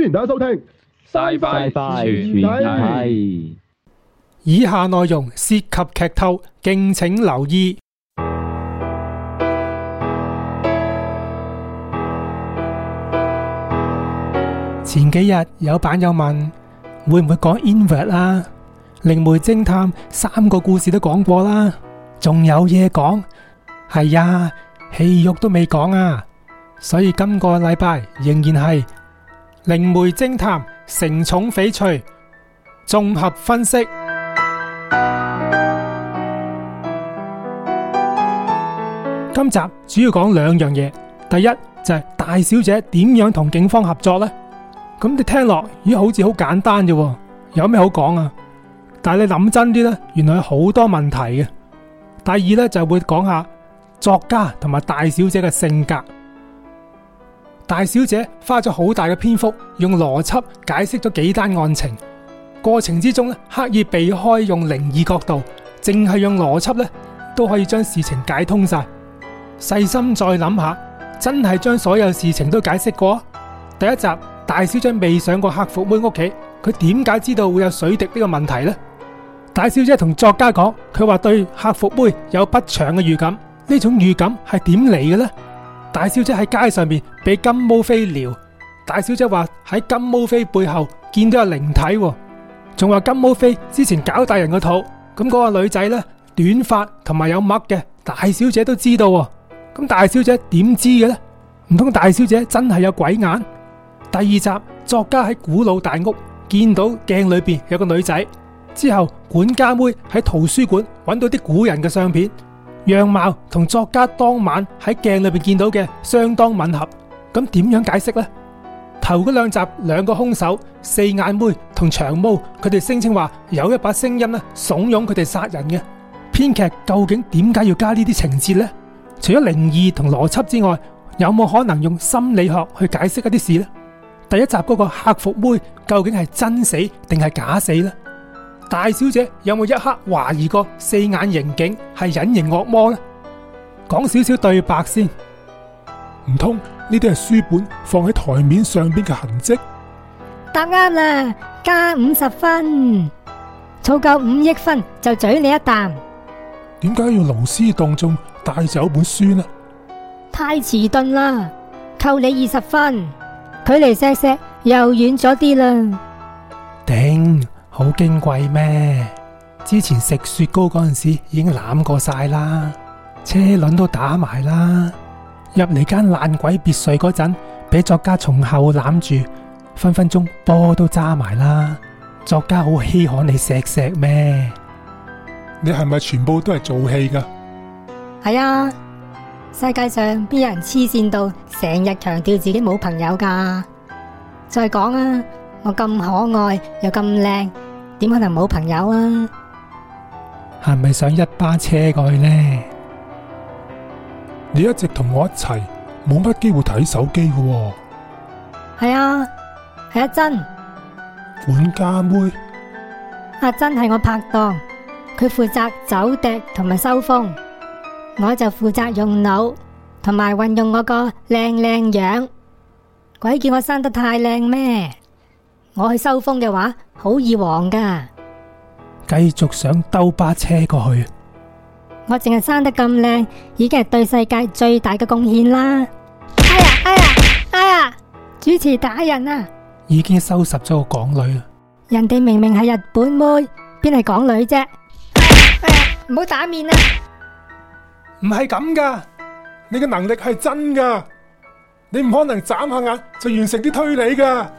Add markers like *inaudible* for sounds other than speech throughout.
歡迎大家收聽《三分之二傳奇》。以下內容涉及劇透，敬請留意。前幾日有版友問會唔會講 invert 啊？靈媒偵探三個故事都講過啦，仲有嘢講？係啊，戲肉都未講啊，所以今個禮拜仍然係。靈媒偵探城塚翡翠綜合分析。今集主要講兩樣嘢，第一就係大小姐點樣同警方合作呢？咁你聽落，咦，好似好簡單啫，有咩好講啊？但係你諗真啲呢，原來有好多問題嘅。第二呢就會講下作家同埋大小姐嘅性格。大小姐花咗好大嘅篇幅，用邏輯解釋咗幾單案情，過程之中咧刻意避開用靈異角度，淨係用邏輯咧都可以將事情解通晒。細心再諗下，真係將所有事情都解釋過？第一集大小姐未上過客服妹屋企，佢點解知道會有水滴呢個問題呢？大小姐同作家講，佢話對客服妹有不祥嘅預感，呢種預感係點嚟嘅呢？大小姐喺街上面俾金毛飛撩，大小姐話喺金毛飛背後見到有靈體，仲話金毛飛之前搞大人個肚，咁、那、嗰個女仔呢，短髮同埋有墨嘅，大小姐都知道，咁大小姐點知嘅呢？唔通大小姐真係有鬼眼？第二集作家喺古老大屋見到鏡裏邊有個女仔，之後管家妹喺圖書館揾到啲古人嘅相片。樣貌同作家當晚喺鏡裏邊見到嘅相當吻合，咁點樣解釋呢？頭嗰兩集兩個凶手四眼妹同長毛，佢哋聲稱話有一把聲音呢，慫恿佢哋殺人嘅。編劇究竟點解要加呢啲情節呢？除咗靈異同邏輯之外，有冇可能用心理學去解釋一啲事呢？第一集嗰個客服妹究竟係真死定係假死呢？大小姐有冇一刻懷疑過四眼刑警係隱形惡魔呢？講少少對白先，唔通呢啲係書本放喺台面上邊嘅痕跡？答啱啦，加五十分，湊夠五億分就嘴你一啖。點解要勞師動眾帶走本書呢？太遲鈍啦，扣你二十分，距離錫錫又遠咗啲啦。頂。好矜貴咩？之前食雪糕嗰陣時已經攬過晒啦，車輪都打埋啦。入嚟間爛鬼別墅嗰陣，俾作家從後攬住，分分鐘波都揸埋啦。作家好稀罕你錫錫咩？你係咪全部都係做戲噶？係啊，世界上邊有人黐線到成日強調自己冇朋友噶？再講啊，我咁可愛又咁靚。點可能冇朋友啊？係咪想一巴車過去呢？你一直同我一齊，冇乜機會睇手機噶喎。係啊，係阿珍管家妹。阿珍係我拍檔，佢負責走趯同埋收風，我就負責用腦同埋運用我個靚靚樣。鬼叫我生得太靚咩？我去收風嘅話，好易黃噶。繼續想兜巴車過去。我淨係生得咁靚，已經係對世界最大嘅貢獻啦。哎呀，哎呀，哎呀！主持打人啊！已經收拾咗個港女啦。人哋明明係日本妹，邊係港女啫？哎呀，哎呀，唔好打面啊！唔係咁噶，你嘅能力係真噶，你唔可能眨下眼就完成啲推理噶。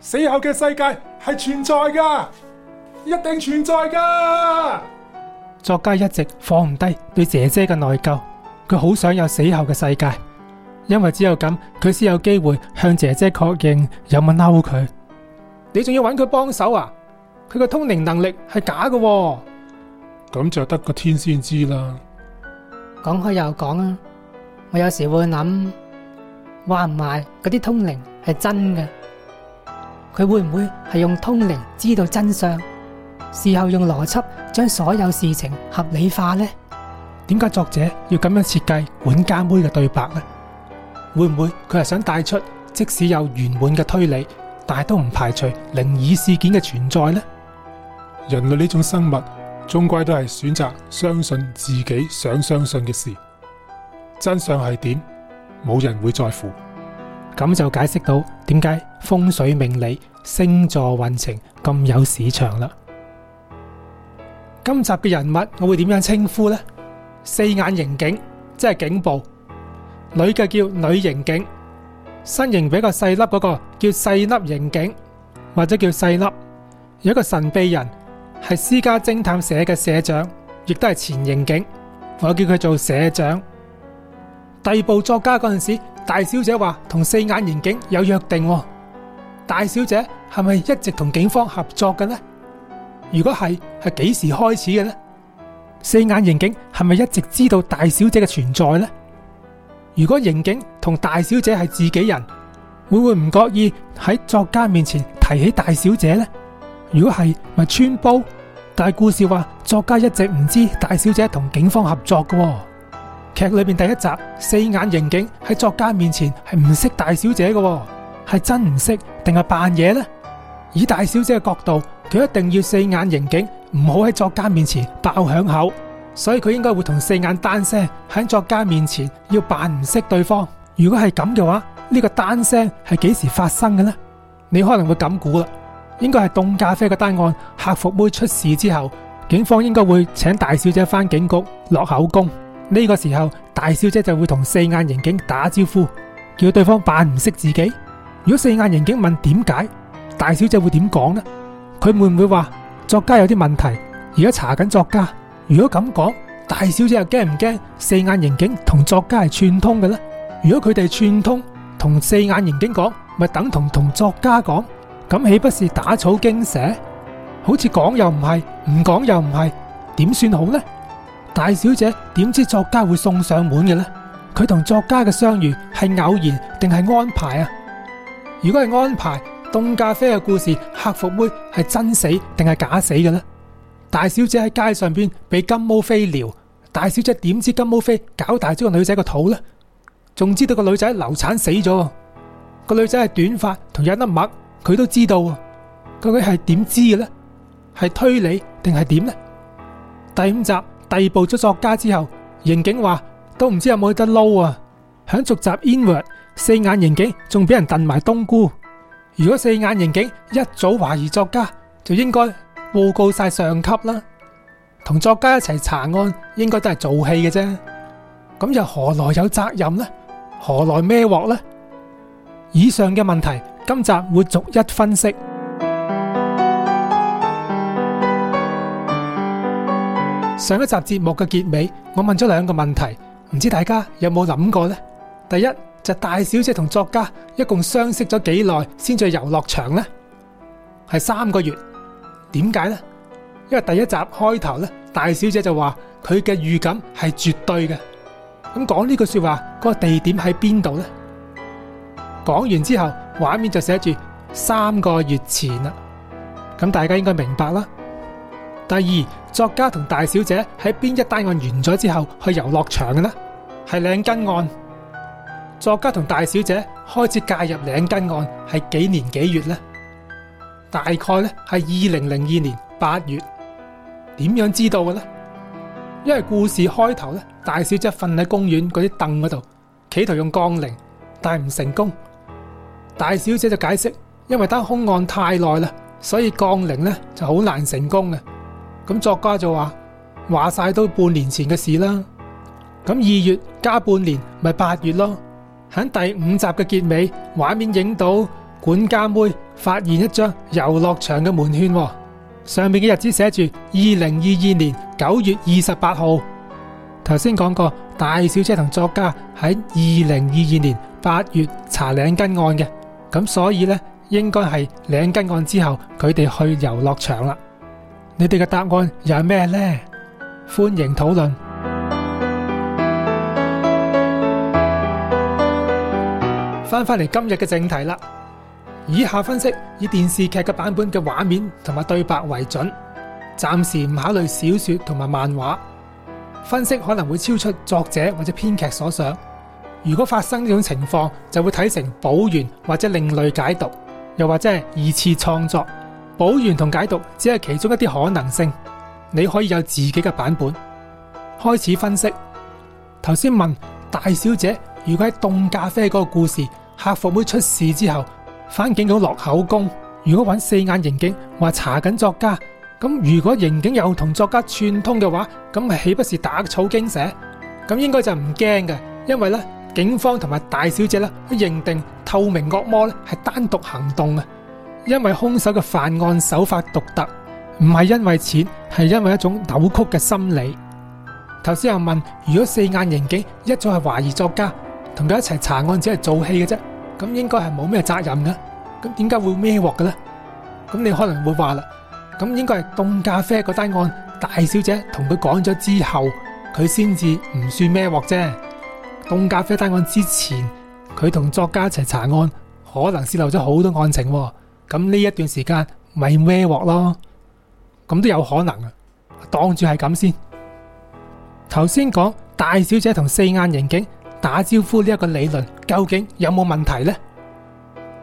死後嘅世界係存在噶，一定存在噶。作家一直放唔低對姐姐嘅內疚，佢好想有死後嘅世界，因為只有咁佢先有機會向姐姐確認有冇嬲佢。你仲要揾佢幫手啊？佢個通靈能力係假嘅，咁就得個天先知啦。講開又講啊，我有時會諗，話唔埋嗰啲通靈係真嘅。佢會唔會係用通靈知道真相，事後用邏輯將所有事情合理化呢？點解作者要咁樣設計管家妹嘅對白呢？會唔會佢係想帶出即使有圓滿嘅推理，但係都唔排除靈異事件嘅存在呢？人類呢種生物，終歸都係選擇相信自己想相信嘅事，真相係點，冇人會在乎。咁就解釋到點解風水命理。星座運程咁有市場啦。今集嘅人物我會點樣稱呼呢？四眼刑警即係警部，女嘅叫女刑警，身形比較細粒嗰個叫細粒刑警，或者叫細粒。有一個神秘人係私家偵探社嘅社長，亦都係前刑警，我叫佢做社長。第二部作家嗰陣時，大小姐話同四眼刑警有約定。大小姐係咪一直同警方合作嘅呢？如果係，係幾時開始嘅呢？四眼刑警係咪一直知道大小姐嘅存在呢？如果刑警同大小姐係自己人，會唔會唔覺意喺作家面前提起大小姐呢？如果係咪穿煲？但係故事話作家一直唔知大小姐同警方合作嘅喎，劇裏邊第一集四眼刑警喺作家面前係唔識大小姐嘅喎。係真唔識定係扮嘢呢？以大小姐嘅角度，佢一定要四眼刑警唔好喺作家面前爆響口，所以佢應該會同四眼單聲喺作家面前要扮唔識對方。如果係咁嘅話，呢個單聲係幾時發生嘅呢？你可能會咁估啦，應該係凍咖啡嘅單案客服妹出事之後，警方應該會請大小姐返警局落口供呢個時候，大小姐就會同四眼刑警打招呼，叫對方扮唔識自己。如果四眼刑警問點解大小姐會點講呢？佢會唔會話作家有啲問題？而家查緊作家。如果咁講，大小姐又驚唔驚？四眼刑警同作家係串通嘅呢？如果佢哋串通，同四眼刑警講，咪等同同作家講，咁豈不是打草驚蛇？好似講又唔係，唔講又唔係，點算好呢？大小姐點知作家會送上門嘅呢？佢同作家嘅相遇係偶然定係安排啊？如果係安排凍咖啡嘅故事，客服妹係真死定係假死嘅呢？大小姐喺街上邊俾金毛飛撩，大小姐點知金毛飛搞大咗個女仔個肚呢？仲知道個女仔流產死咗，個女仔係短髮同有粒癦，佢都知道，究竟係點知嘅呢？係推理定係點呢？第五集逮捕咗作家之後，刑警話都唔知有冇得撈啊！響續集 Inward。四眼刑警仲俾人燉埋冬菇，如果四眼刑警一早懷疑作家，就應該報告晒上級啦。同作家一齊查案，應該都係做戲嘅啫。咁又何來有責任呢？何來孭鑊呢？以上嘅問題，今集會逐一分析。上一集節目嘅結尾，我問咗兩個問題，唔知大家有冇諗過呢？第一。就大小姐同作家一共相識咗幾耐先至去遊樂場呢？係三個月。點解呢？因為第一集開頭呢，大小姐就話佢嘅預感係絕對嘅。咁講呢句說話，嗰個地點喺邊度呢？講完之後，畫面就寫住三個月前啦。咁大家應該明白啦。第二，作家同大小姐喺邊一單案完咗之後去遊樂場嘅呢？係嶺根案。作家同大小姐開始介入兩件案係幾年幾月呢？大概呢，係二零零二年八月。點樣知道嘅呢？因為故事開頭呢，大小姐瞓喺公園嗰啲凳嗰度，企圖用降靈，但係唔成功。大小姐就解釋，因為單凶案太耐啦，所以降靈呢就好難成功嘅。咁作家就話：話晒都半年前嘅事啦。咁二月加半年咪八，就是，月咯。喺第五集嘅結尾，畫面影到管家妹發現一張遊樂場嘅門券，上面嘅日子寫住二零二二年九月二十八號。頭先講過，大小姐同作家喺二零二二年八月查領根案嘅，咁所以呢應該係領根案之後佢哋去遊樂場啦。你哋嘅答案又係咩呢？歡迎討論。翻翻嚟今日嘅正題啦。以下分析以電視劇嘅版本嘅畫面同埋對白為準，暫時唔考慮小說同埋漫畫。分析可能會超出作者或者編劇所想。如果發生呢種情況，就會睇成補完或者另類解讀，又或者係二次創作。補完同解讀只係其中一啲可能性。你可以有自己嘅版本。開始分析。頭先問大小姐，如果喺凍咖啡嗰個故事。客服妹出事之後，翻警局落口供。如果揾四眼刑警話查緊作家，咁如果刑警又同作家串通嘅話，咁係豈不是打草驚蛇？咁應該就唔驚嘅，因為咧警方同埋大小姐咧都認定透明惡魔咧係單獨行動啊，因為兇手嘅犯案手法獨特，唔係因為錢，係因為一種扭曲嘅心理。頭先又問，如果四眼刑警一早係懷疑作家？同佢一齊查案只係做戲嘅啫，咁應該係冇咩責任嘅，咁點解會孭鑊嘅呢？咁你可能會話啦，咁應該係凍咖啡嗰單案大小姐同佢講咗之後，佢先至唔算孭鑊啫。凍咖啡單案之前，佢同作家一齊查案，可能泄漏咗好多案情，咁呢一段時間咪孭鑊咯。咁都有可能，當住係咁先。頭先講大小姐同四眼刑警打招呼呢一個理論究竟有冇問題呢？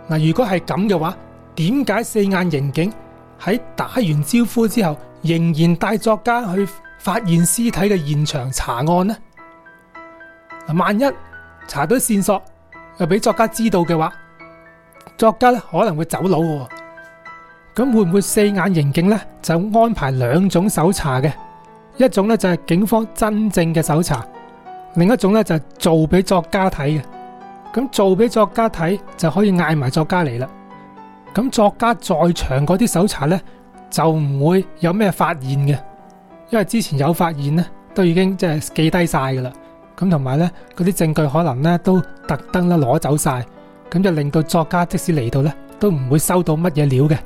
嗱，如果係咁嘅話，點解四眼刑警喺打完招呼之後，仍然帶作家去發現屍體嘅現場查案呢？嗱，萬一查到線索又俾作家知道嘅話，作家可能會走佬嘅，咁會唔會四眼刑警呢？就安排兩種搜查嘅，一種呢，就係警方真正嘅搜查。另一種咧就係、是、做俾作家睇嘅，咁做俾作家睇就可以嗌埋作家嚟啦。咁作家在場嗰啲搜查咧就唔會有咩發現嘅，因為之前有發現咧都已經即係記低晒噶啦。咁同埋咧嗰啲證據可能咧都特登咧攞走晒，咁就令到作家即使嚟到咧都唔會收到乜嘢料嘅。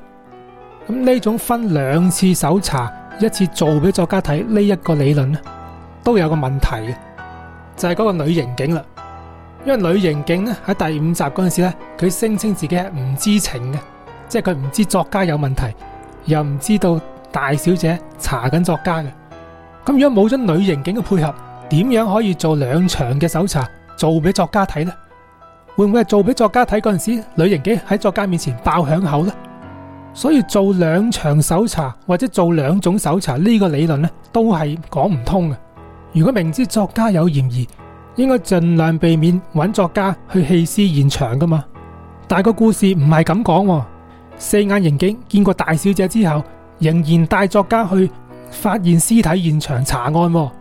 咁呢種分兩次搜查，一次做俾作家睇呢一個理論咧都有個問題嘅。就係嗰個女刑警啦，因為女刑警呢，喺第五集嗰陣時咧，佢聲稱自己係唔知情嘅，即係佢唔知作家有問題，又唔知道大小姐查緊作家嘅。咁如果冇咗女刑警嘅配合，點樣可以做兩場嘅搜查做俾作家睇呢？會唔會係做俾作家睇嗰陣時，女刑警喺作家面前爆響口呢？所以做兩場搜查或者做兩種搜查呢個理論呢，都係講唔通嘅。如果明知作家有嫌疑，應該盡量避免揾作家去棄屍現場噶嘛。但個故事唔係咁講，四眼刑警見過大小姐之後，仍然帶作家去發現屍體現場查案。哦，咁、嗯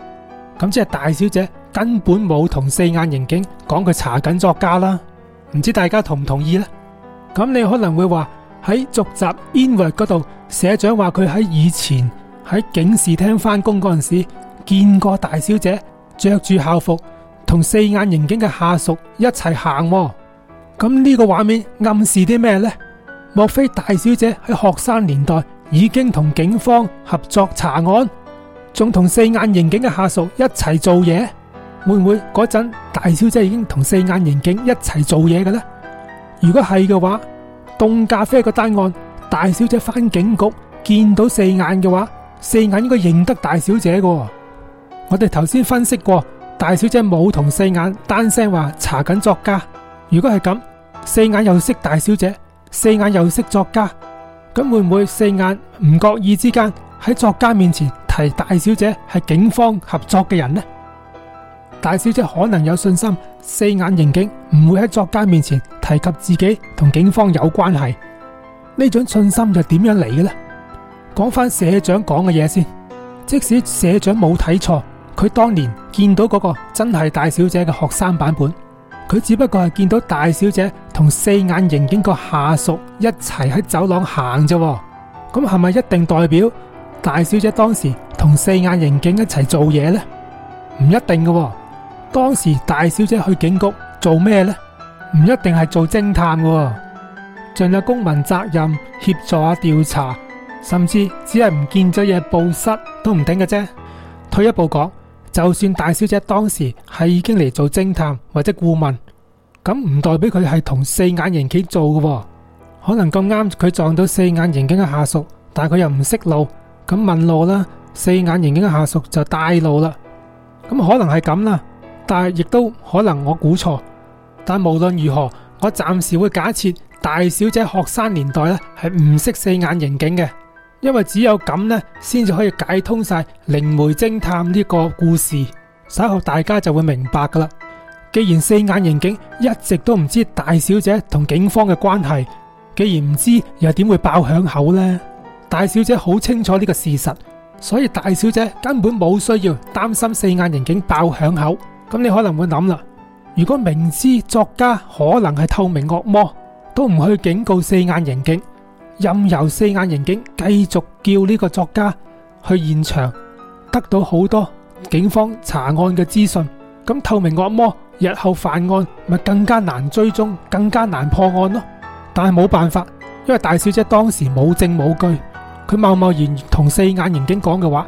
嗯、即係大小姐根本冇同四眼刑警講佢查緊作家啦。唔、嗯、知大家同唔同意呢？咁、嗯、你可能會話喺續集《i n w 煙霧》嗰度，社長話佢喺以前喺警視廳翻工嗰陣時。見過大小姐着住校服，同四眼刑警嘅下屬一齊行喎。咁呢個畫面暗示啲咩呢？莫非大小姐喺學生年代已經同警方合作查案，仲同四眼刑警嘅下屬一齊做嘢？會唔會嗰陣大小姐已經同四眼刑警一齊做嘢嘅呢？如果係嘅話，凍咖啡個單案，大小姐返警局見到四眼嘅話，四眼應該認得大小姐噶。我哋頭先分析過，大小姐冇同四眼單聲話查緊作家。如果係咁，四眼又識大小姐，四眼又識作家，咁會唔會四眼唔覺意之間喺作家面前提大小姐係警方合作嘅人呢？大小姐可能有信心，四眼刑警唔會喺作家面前提及自己同警方有關係。呢種信心又點樣嚟嘅呢？講翻社長講嘅嘢先，即使社長冇睇錯。佢當年見到嗰個真係大小姐嘅學生版本，佢只不過係見到大小姐同四眼刑警個下屬一齊喺走廊行啫、哦，咁係咪一定代表大小姐當時同四眼刑警一齊做嘢呢？唔一定嘅、哦，當時大小姐去警局做咩呢？唔一定係做偵探嘅、哦，盡下公民責任協助下調查，甚至只係唔見咗嘢報失都唔定嘅啫。退一步講。就算大小姐當時係已經嚟做偵探或者顧問，咁唔代表佢係同四眼刑警做嘅喎，可能咁啱佢撞到四眼刑警嘅下屬，但係佢又唔識路，咁問路啦，四眼刑警嘅下屬就帶路啦，咁可能係咁啦，但係亦都可能我估錯，但無論如何，我暫時會假設大小姐學生年代咧係唔識四眼刑警嘅。因為只有咁呢，先至可以解通晒《靈媒偵探》呢個故事，稍後大家就會明白噶啦。既然四眼刑警一直都唔知大小姐同警方嘅關係，既然唔知又點會爆響口呢？大小姐好清楚呢個事實，所以大小姐根本冇需要擔心四眼刑警爆響口。咁你可能會諗啦，如果明知作家可能係透明惡魔，都唔去警告四眼刑警。任由四眼刑警繼續叫呢個作家去現場，得到好多警方查案嘅資訊。咁透明惡魔日後犯案咪更加難追蹤，更加難破案咯。但係冇辦法，因為大小姐當時冇證冇據，佢貿貿然同四眼刑警講嘅話，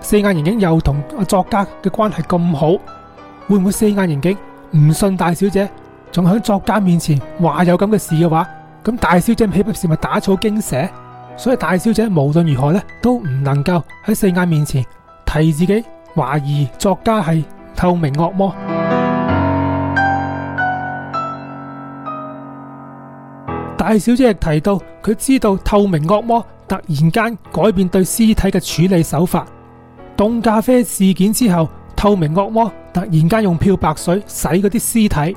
四眼刑警又同作家嘅關係咁好，會唔會四眼刑警唔信大小姐，仲喺作家面前話有咁嘅事嘅話？咁大小姐豈不是咪打草驚蛇？所以大小姐無論如何呢，都唔能夠喺世界面前提自己懷疑作家係透明惡魔。 *music* 大小姐亦提到佢知道透明惡魔突然間改變對屍體嘅處理手法，凍咖啡事件之後，透明惡魔突然間用漂白水洗嗰啲屍體。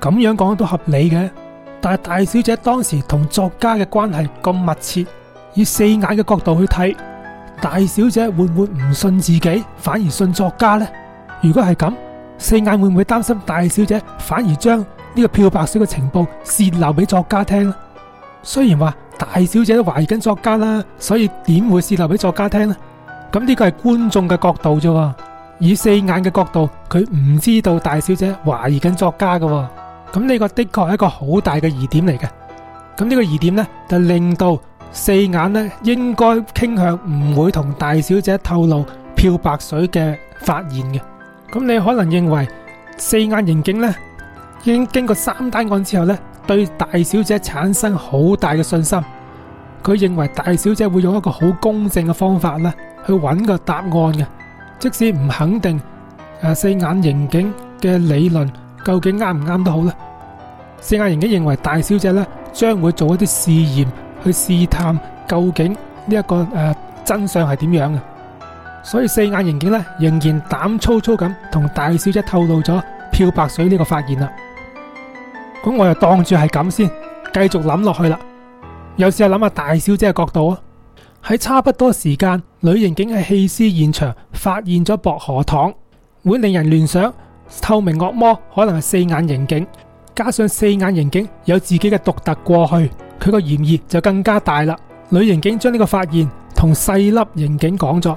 咁樣講都合理嘅，但係大小姐當時同作家嘅關係咁密切，以四眼嘅角度去睇，大小姐會唔會唔信自己，反而信作家呢？如果係咁，四眼會唔會擔心大小姐反而將呢個漂白水嘅情報泄露俾作家聽呢？雖然話大小姐都懷疑緊作家啦，所以點會泄露俾作家聽呢？咁呢個係觀眾嘅角度啫，以四眼嘅角度，佢唔知道大小姐懷疑緊作家噶。咁呢個的確係一個好大嘅疑點嚟嘅，咁呢個疑點呢就令到四眼呢應該傾向唔會同大小姐透露漂白水嘅發現嘅。咁你可能認為四眼刑警呢，已經經過三單案之後呢，對大小姐產生好大嘅信心，佢認為大小姐會用一個好公正嘅方法呢去揾個答案嘅，即使唔肯定啊四眼刑警嘅理論。究竟啱唔啱都好啦，四眼刑警認為大小姐咧，將會做一啲試驗去試探究竟呢、這、一個誒、呃、真相係點樣嘅，所以四眼刑警咧仍然膽粗粗咁同大小姐透露咗漂白水呢個發現啦。咁我當又當住係咁先，繼續諗落去啦。有試下諗下大小姐嘅角度啊。喺差唔多時間，女刑警喺棄屍現場發現咗薄荷糖，會令人聯想。透明惡魔可能係四眼刑警，加上四眼刑警有自己嘅獨特過去，佢個嫌疑就更加大啦。女刑警將呢個發現同細粒刑警講咗。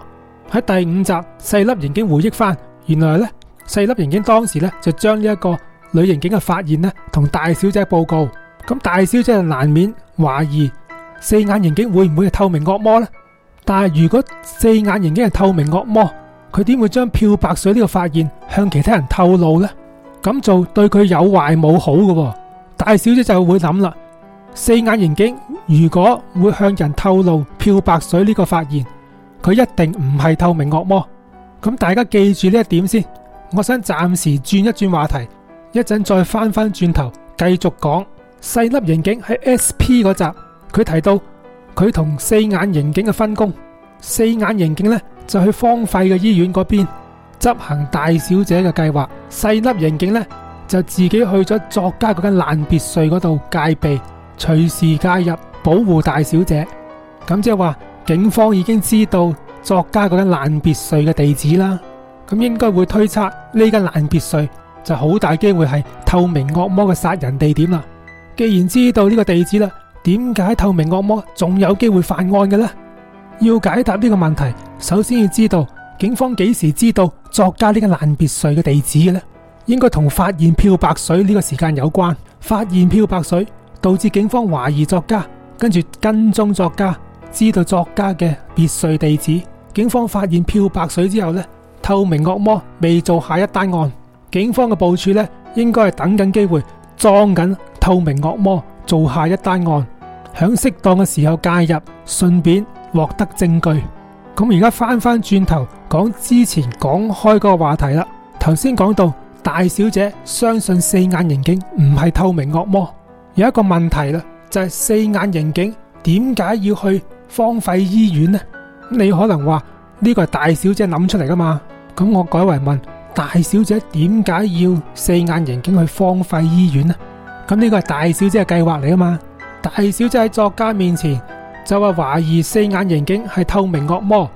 喺第五集，細粒刑警回憶翻，原來呢，細粒刑警當時呢就將呢一個女刑警嘅發現呢同大小姐報告，咁大小姐就難免懷疑四眼刑警會唔會係透明惡魔呢？但係如果四眼刑警係透明惡魔？佢點會將漂白水呢個發現向其他人透露呢？咁做對佢有壞冇好嘅。大小姐就會諗啦。四眼刑警如果會向人透露漂白水呢個發現，佢一定唔係透明惡魔。咁大家記住呢一點先。我想暫時轉一轉話題，一陣再返返轉頭繼續講。細粒刑警喺 SP 嗰集，佢提到佢同四眼刑警嘅分工。四眼刑警呢？就去荒廢嘅醫院嗰邊執行大小姐嘅計劃，細粒刑警呢，就自己去咗作家嗰間爛別墅嗰度戒備，隨時介入保護大小姐。咁即係話警方已經知道作家嗰間爛別墅嘅地址啦。咁應該會推測呢間爛別墅就好大機會係透明惡魔嘅殺人地點啦。既然知道呢個地址啦，點解透明惡魔仲有機會犯案嘅呢？要解答呢個問題，首先要知道警方幾時知道作家呢個爛別墅嘅地址嘅呢？應該同發現漂白水呢個時間有關。發現漂白水導致警方懷疑作家，跟住跟蹤作家，知道作家嘅別墅地址。警方發現漂白水之後呢，透明惡魔未做下一單案，警方嘅部署呢，應該係等緊機會，裝緊透明惡魔做下一單案，響適當嘅時候介入，順便。獲得證據，咁而家翻翻轉頭講之前講開嗰個話題啦。頭先講到大小姐相信四眼刑警唔係透明惡魔，有一個問題啦，就係四眼刑警點解要去荒廢醫院呢？你可能話呢個係大小姐諗出嚟噶嘛？咁我改為問大小姐點解要四眼刑警去荒廢醫院呢？咁呢個係大小姐嘅計劃嚟噶嘛？大小姐喺作家面前。就話懷疑四眼刑警係透明惡魔，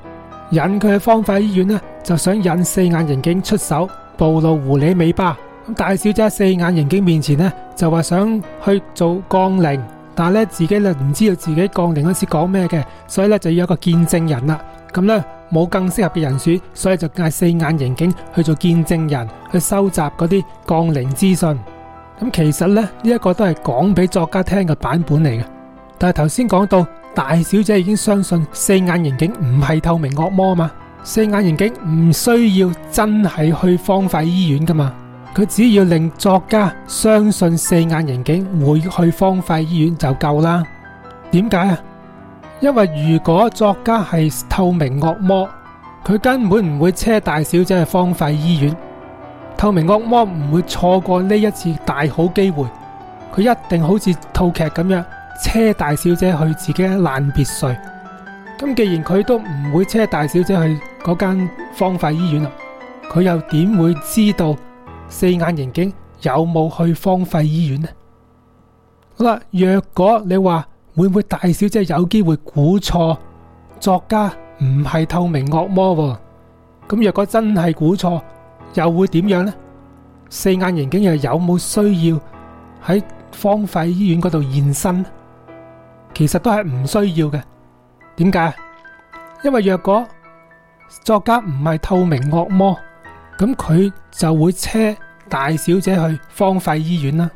引佢去方塊醫院呢，就想引四眼刑警出手，暴露狐狸尾巴。咁大小姐喺四眼刑警面前呢，就話想去做降靈，但係咧自己就唔知道自己降靈嗰時講咩嘅，所以咧就要一個見證人啦。咁呢，冇更適合嘅人選，所以就嗌四眼刑警去做見證人，去收集嗰啲降靈資訊。咁其實呢，呢、這、一個都係講俾作家聽嘅版本嚟嘅，但係頭先講到，大小姐已經相信四眼刑警唔係透明惡魔嘛？四眼刑警唔需要真係去荒廢醫院噶嘛？佢只要令作家相信四眼刑警會去荒廢醫院就夠啦。點解啊？因為如果作家係透明惡魔，佢根本唔會車大小姐去荒廢醫院。透明惡魔唔會錯過呢一次大好機會，佢一定好似套劇咁樣。車大小姐去自己嘅爛別墅，咁既然佢都唔會車大小姐去嗰間荒廢醫院啦，佢又點會知道四眼刑警有冇去荒廢醫院呢？好啦，若果你話會唔會大小姐有機會估錯作家唔係透明惡魔，咁若果真係估錯，又會點樣呢？四眼刑警又有冇需要喺荒廢醫院嗰度現身？其實都係唔需要嘅，點解？因為若果作家唔係透明惡魔，咁佢就會車大小姐去荒廢醫院啦。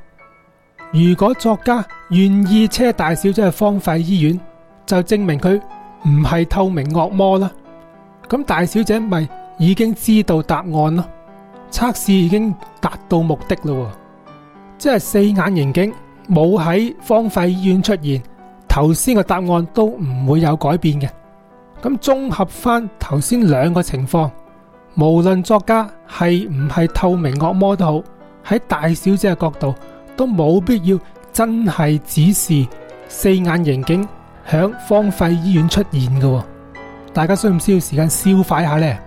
如果作家願意車大小姐去荒廢醫院，就證明佢唔係透明惡魔啦。咁大小姐咪已經知道答案囉，測試已經達到目的啦。即係四眼刑警冇喺荒廢醫院出現。頭先嘅答案都唔會有改變嘅。咁綜合翻頭先兩個情況，無論作家係唔係透明惡魔都好，喺大小姐嘅角度都冇必要真係指示四眼刑警響荒廢醫院出現嘅哦。大家需唔需要時間消化一下呢？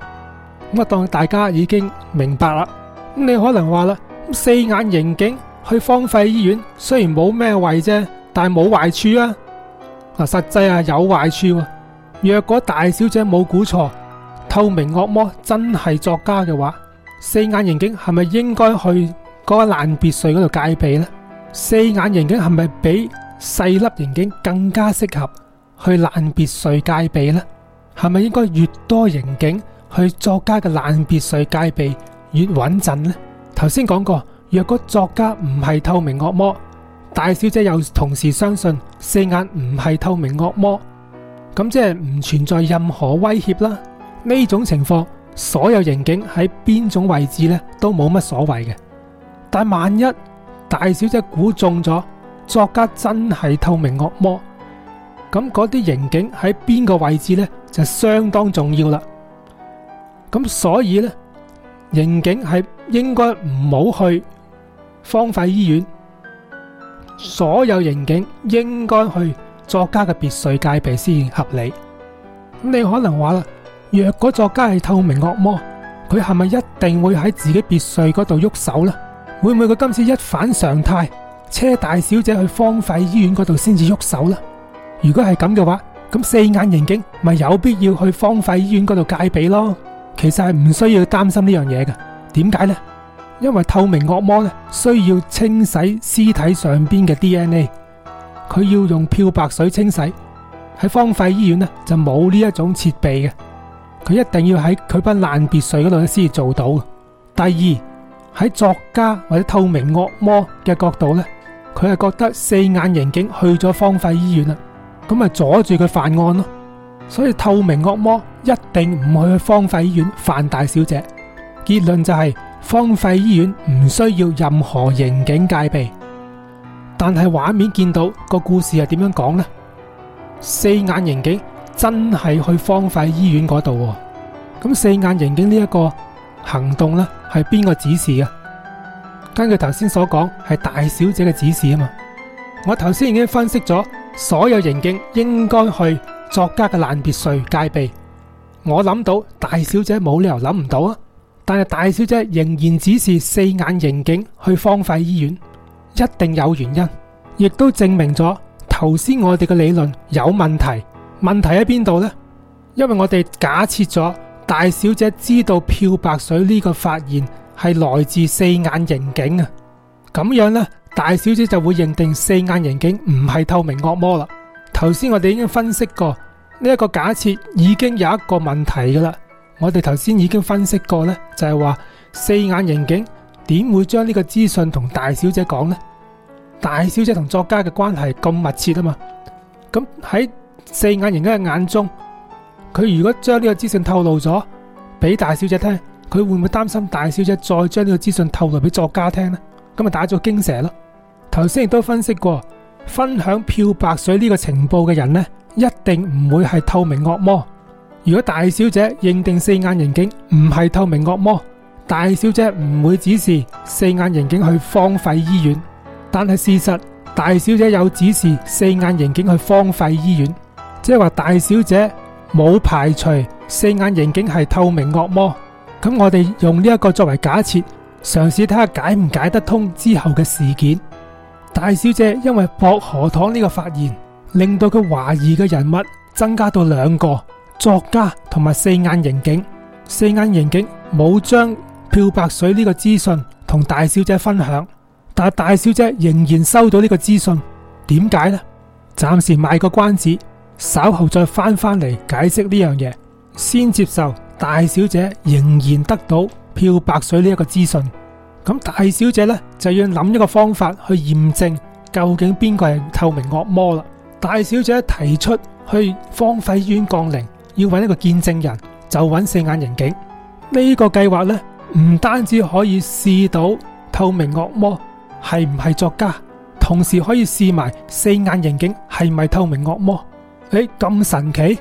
咁啊，當大家已經明白啦。你可能話啦，四眼刑警去荒廢醫院雖然冇咩壞啫，但係冇壞處啊。實際啊有壞處，若果大小姐冇估錯，透明惡魔真係作家嘅話，四眼刑警係咪應該去嗰爛別墅嗰度戒備呢？四眼刑警係咪比細粒刑警更加適合去爛別墅戒備呢？係咪應該越多刑警去作家嘅爛別墅戒備越穩陣呢？頭先講過，若果作家唔係透明惡魔。大小姐又同時相信四眼唔係透明惡魔，咁即係唔存在任何威脅啦。呢種情況，所有刑警喺邊種位置呢都冇乜所謂嘅。但萬一大小姐估中咗，作家真係透明惡魔，咁嗰啲刑警喺邊個位置呢就相當重要啦。咁所以呢，刑警係應該唔好去荒廢醫院。所有刑警應該去作家嘅別墅戒備先合理。咁你可能話啦，若果作家係透明惡魔，佢係咪一定會喺自己別墅嗰度喐手咧？會唔會佢今次一反常態，車大小姐去荒廢醫院嗰度先至喐手咧？如果係咁嘅話，咁四眼刑警咪有必要去荒廢醫院嗰度戒備咯？其實係唔需要擔心呢樣嘢嘅。點解呢？因為透明惡魔咧需要清洗屍體上邊嘅 DNA，佢要用漂白水清洗。喺荒廢醫院咧就冇呢一種設備嘅，佢一定要喺佢班爛別墅嗰度先至做到。第二，喺作家或者透明惡魔嘅角度咧，佢係覺得四眼刑警去咗荒廢醫院啦，咁咪阻住佢犯案咯，所以透明惡魔一定唔去去荒廢醫院犯大小姐。結論就係，是。荒廢醫院唔需要任何刑警戒備，但係畫面見到個故事係點樣講呢？四眼刑警真係去荒廢醫院嗰度，咁四眼刑警呢一個行動呢，係邊個指示嘅啊？根據頭先所講，係大小姐嘅指示啊嘛。我頭先已經分析咗，所有刑警應該去作家嘅爛別墅戒備，我諗到大小姐冇理由諗唔到啊。但係大小姐仍然指示四眼刑警去荒廢醫院，一定有原因，亦都證明咗頭先我哋嘅理論有問題。問題喺邊度呢？因為我哋假設咗大小姐知道漂白水呢個發現係來自四眼刑警啊，咁樣呢，大小姐就會認定四眼刑警唔係透明惡魔啦。頭先我哋已經分析過呢一個假設已經有一個問題噶啦。我哋頭先已經分析過呢，就係話四眼刑警點會將呢個資訊同大小姐講呢？大小姐同作家嘅關係咁密切啊嘛，咁喺四眼刑警嘅眼中，佢如果將呢個資訊透露咗俾大小姐聽，佢會唔會擔心大小姐再將呢個資訊透露俾作家聽呢？咁咪打咗驚蛇咯。頭先亦都分析過，分享漂白水呢個情報嘅人呢，一定唔會係透明惡魔。如果大小姐認定四眼刑警唔係透明惡魔，大小姐唔會指示四眼刑警去荒廢醫院。但係事實大小姐有指示四眼刑警去荒廢醫院，即係話大小姐冇排除四眼刑警係透明惡魔。咁我哋用呢一個作為假設，嘗試睇下解唔解得通之後嘅事件。大小姐因為薄荷糖呢個發現，令到佢懷疑嘅人物增加到兩個。作家同埋四眼刑警。四眼刑警冇將漂白水呢個資訊同大小姐分享，但係大小姐仍然收到呢個資訊，點解呢？暫時賣個關子，稍後再翻翻嚟解釋呢樣嘢。先接受大小姐仍然得到漂白水呢一個資訊，咁大小姐呢就要諗一個方法去驗證究竟邊個係透明惡魔啦。大小姐提出去荒廢醫院降靈。要搵一個見證人，就搵四眼刑警。呢個計劃呢，唔單止可以試到透明惡魔係唔係作家，同時可以試埋四眼刑警係咪透明惡魔。誒，咁神奇！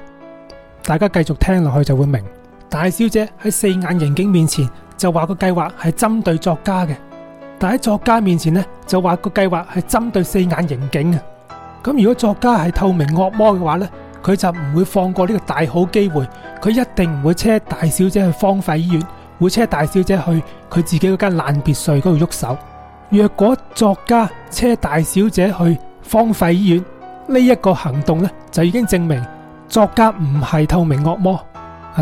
大家繼續聽落去就會明。大小姐喺四眼刑警面前就話個計劃係針對作家嘅，但喺作家面前呢，就話個計劃係針對四眼刑警啊。咁如果作家係透明惡魔嘅話呢？佢就唔會放過呢個大好機會，佢一定唔會車大小姐去荒廢醫院，會車大小姐去佢自己嗰間爛別墅嗰度喐手。若果作家車大小姐去荒廢醫院呢一個行動呢，就已經證明作家唔係透明惡魔。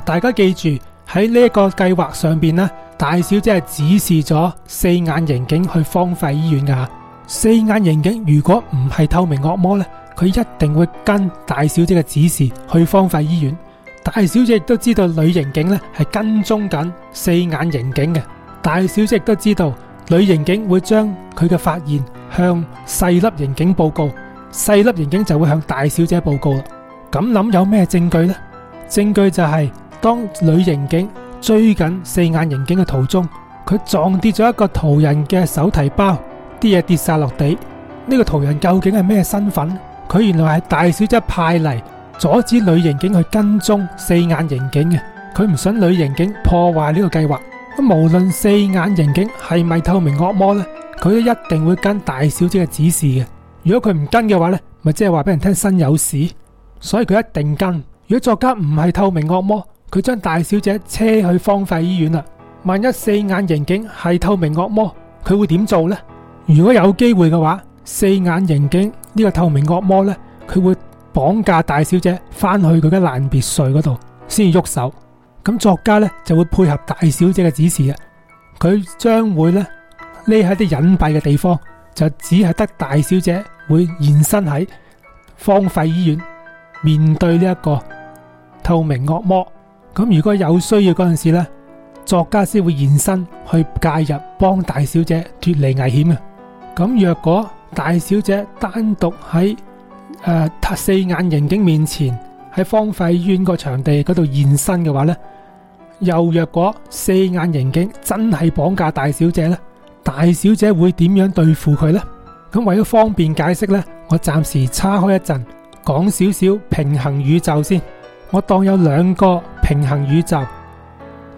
大家記住喺呢一個計劃上邊呢，大小姐係指示咗四眼刑警去荒廢醫院噶。四眼刑警如果唔係透明惡魔呢？佢一定會跟大小姐嘅指示去方塊醫院。大小姐亦都知道女刑警呢係跟蹤緊四眼刑警嘅。大小姐亦都知道女刑警會將佢嘅發現向細粒刑警報告，細粒刑警就會向大小姐報告啦。咁諗有咩證據呢？證據就係當女刑警追緊四眼刑警嘅途中，佢撞跌咗一個途人嘅手提包，啲嘢跌晒落地。呢個途人究竟係咩身份？佢原來係大小姐派嚟阻止女刑警去跟蹤四眼刑警嘅，佢唔想女刑警破壞呢個計劃。咁無論四眼刑警係咪透明惡魔呢，佢都一定會跟大小姐嘅指示嘅。如果佢唔跟嘅話呢，咪即係話俾人聽身有事，所以佢一定跟。如果作家唔係透明惡魔，佢將大小姐車去荒廢醫院啦。萬一四眼刑警係透明惡魔，佢會點做呢？如果有機會嘅話。四眼刑警呢、這個透明惡魔呢，佢會綁架大小姐翻去佢嘅爛別墅嗰度先至喐手。咁、嗯、作家呢，就會配合大小姐嘅指示啊，佢將會呢，匿喺啲隱蔽嘅地方，就只係得大小姐會現身喺荒廢醫院面對呢一個透明惡魔。咁、嗯、如果有需要嗰陣時呢，作家先會現身去介入幫大小姐脫離危險嘅。咁、嗯、若果，大小姐單獨喺誒、呃、四眼刑警面前喺荒廢院，個場地嗰度現身嘅話呢，又若果四眼刑警真係綁架大小姐呢，大小姐會點樣對付佢呢？咁為咗方便解釋呢，我暫時叉開一陣，講少少平衡宇宙先。我當有兩個平衡宇宙，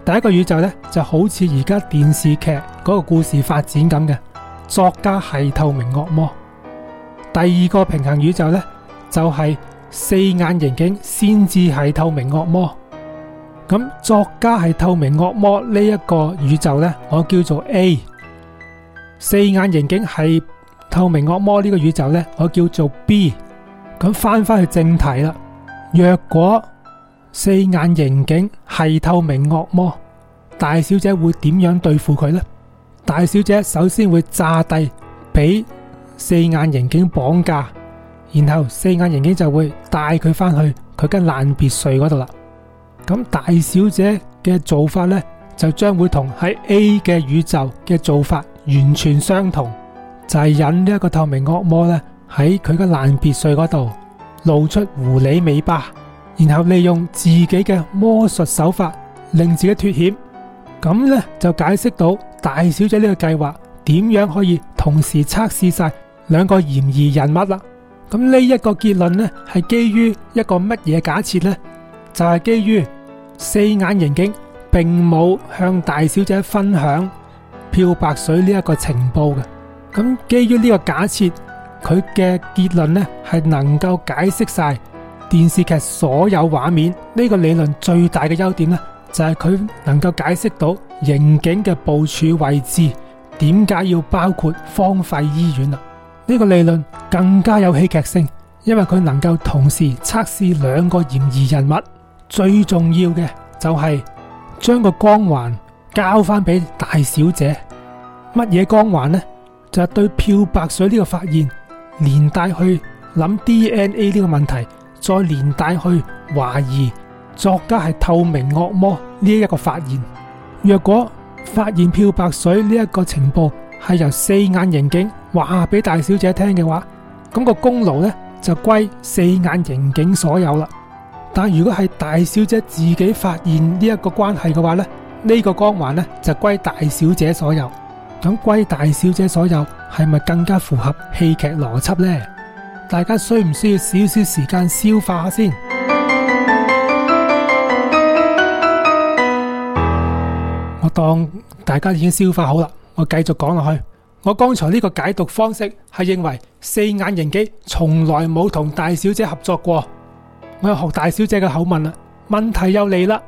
第一個宇宙呢，就好似而家電視劇嗰個故事發展咁嘅。作家係透明惡魔，第二個平行宇宙呢，就係、是、四眼刑警先至係透明惡魔。咁作家係透明惡魔呢一個宇宙呢，我叫做 A；四眼刑警係透明惡魔呢個宇宙呢，我叫做 B。咁翻翻去正題啦。若果四眼刑警係透明惡魔，大小姐會點樣對付佢呢？大小姐首先會炸地俾四眼刑警綁架，然後四眼刑警就會帶佢返去佢間爛別墅嗰度啦。咁大小姐嘅做法呢，就將會同喺 A 嘅宇宙嘅做法完全相同，就係、是、引呢一個透明惡魔呢，喺佢嘅爛別墅嗰度露出狐狸尾巴，然後利用自己嘅魔術手法令自己脫險。咁呢，就解釋到大小姐呢個計劃點樣可以同時測試晒兩個嫌疑人物啦。咁呢一個結論呢，係基於一個乜嘢假設呢？就係、是、基於四眼刑警並冇向大小姐分享漂白水呢一個情報嘅。咁基於呢個假設，佢嘅結論呢，係能夠解釋晒電視劇所有畫面呢、這個理論最大嘅優點呢。就係佢能夠解釋到刑警嘅部署位置點解要包括荒廢醫院啦。呢個理論更加有戲劇性，因為佢能夠同時測試兩個嫌疑人物。最重要嘅就係將個光環交翻俾大小姐。乜嘢光環呢？就係對漂白水呢個發現，連帶去諗 DNA 呢個問題，再連帶去懷疑作家係透明惡魔呢一個發現，若果發現漂白水呢一個情報係由四眼刑警話俾大小姐聽嘅話，咁個功勞呢就歸四眼刑警所有啦。但如果係大小姐自己發現呢一個關係嘅話呢，呢個光環呢就歸大小姐所有。咁歸大小姐所有係咪更加符合戲劇邏輯呢？大家需唔需要少少時間消化下先？當大家已經消化好啦，我繼續講落去。我剛才呢個解讀方式係認為四眼刑警從來冇同大小姐合作過。我又學大小姐嘅口吻啦，問題又嚟啦。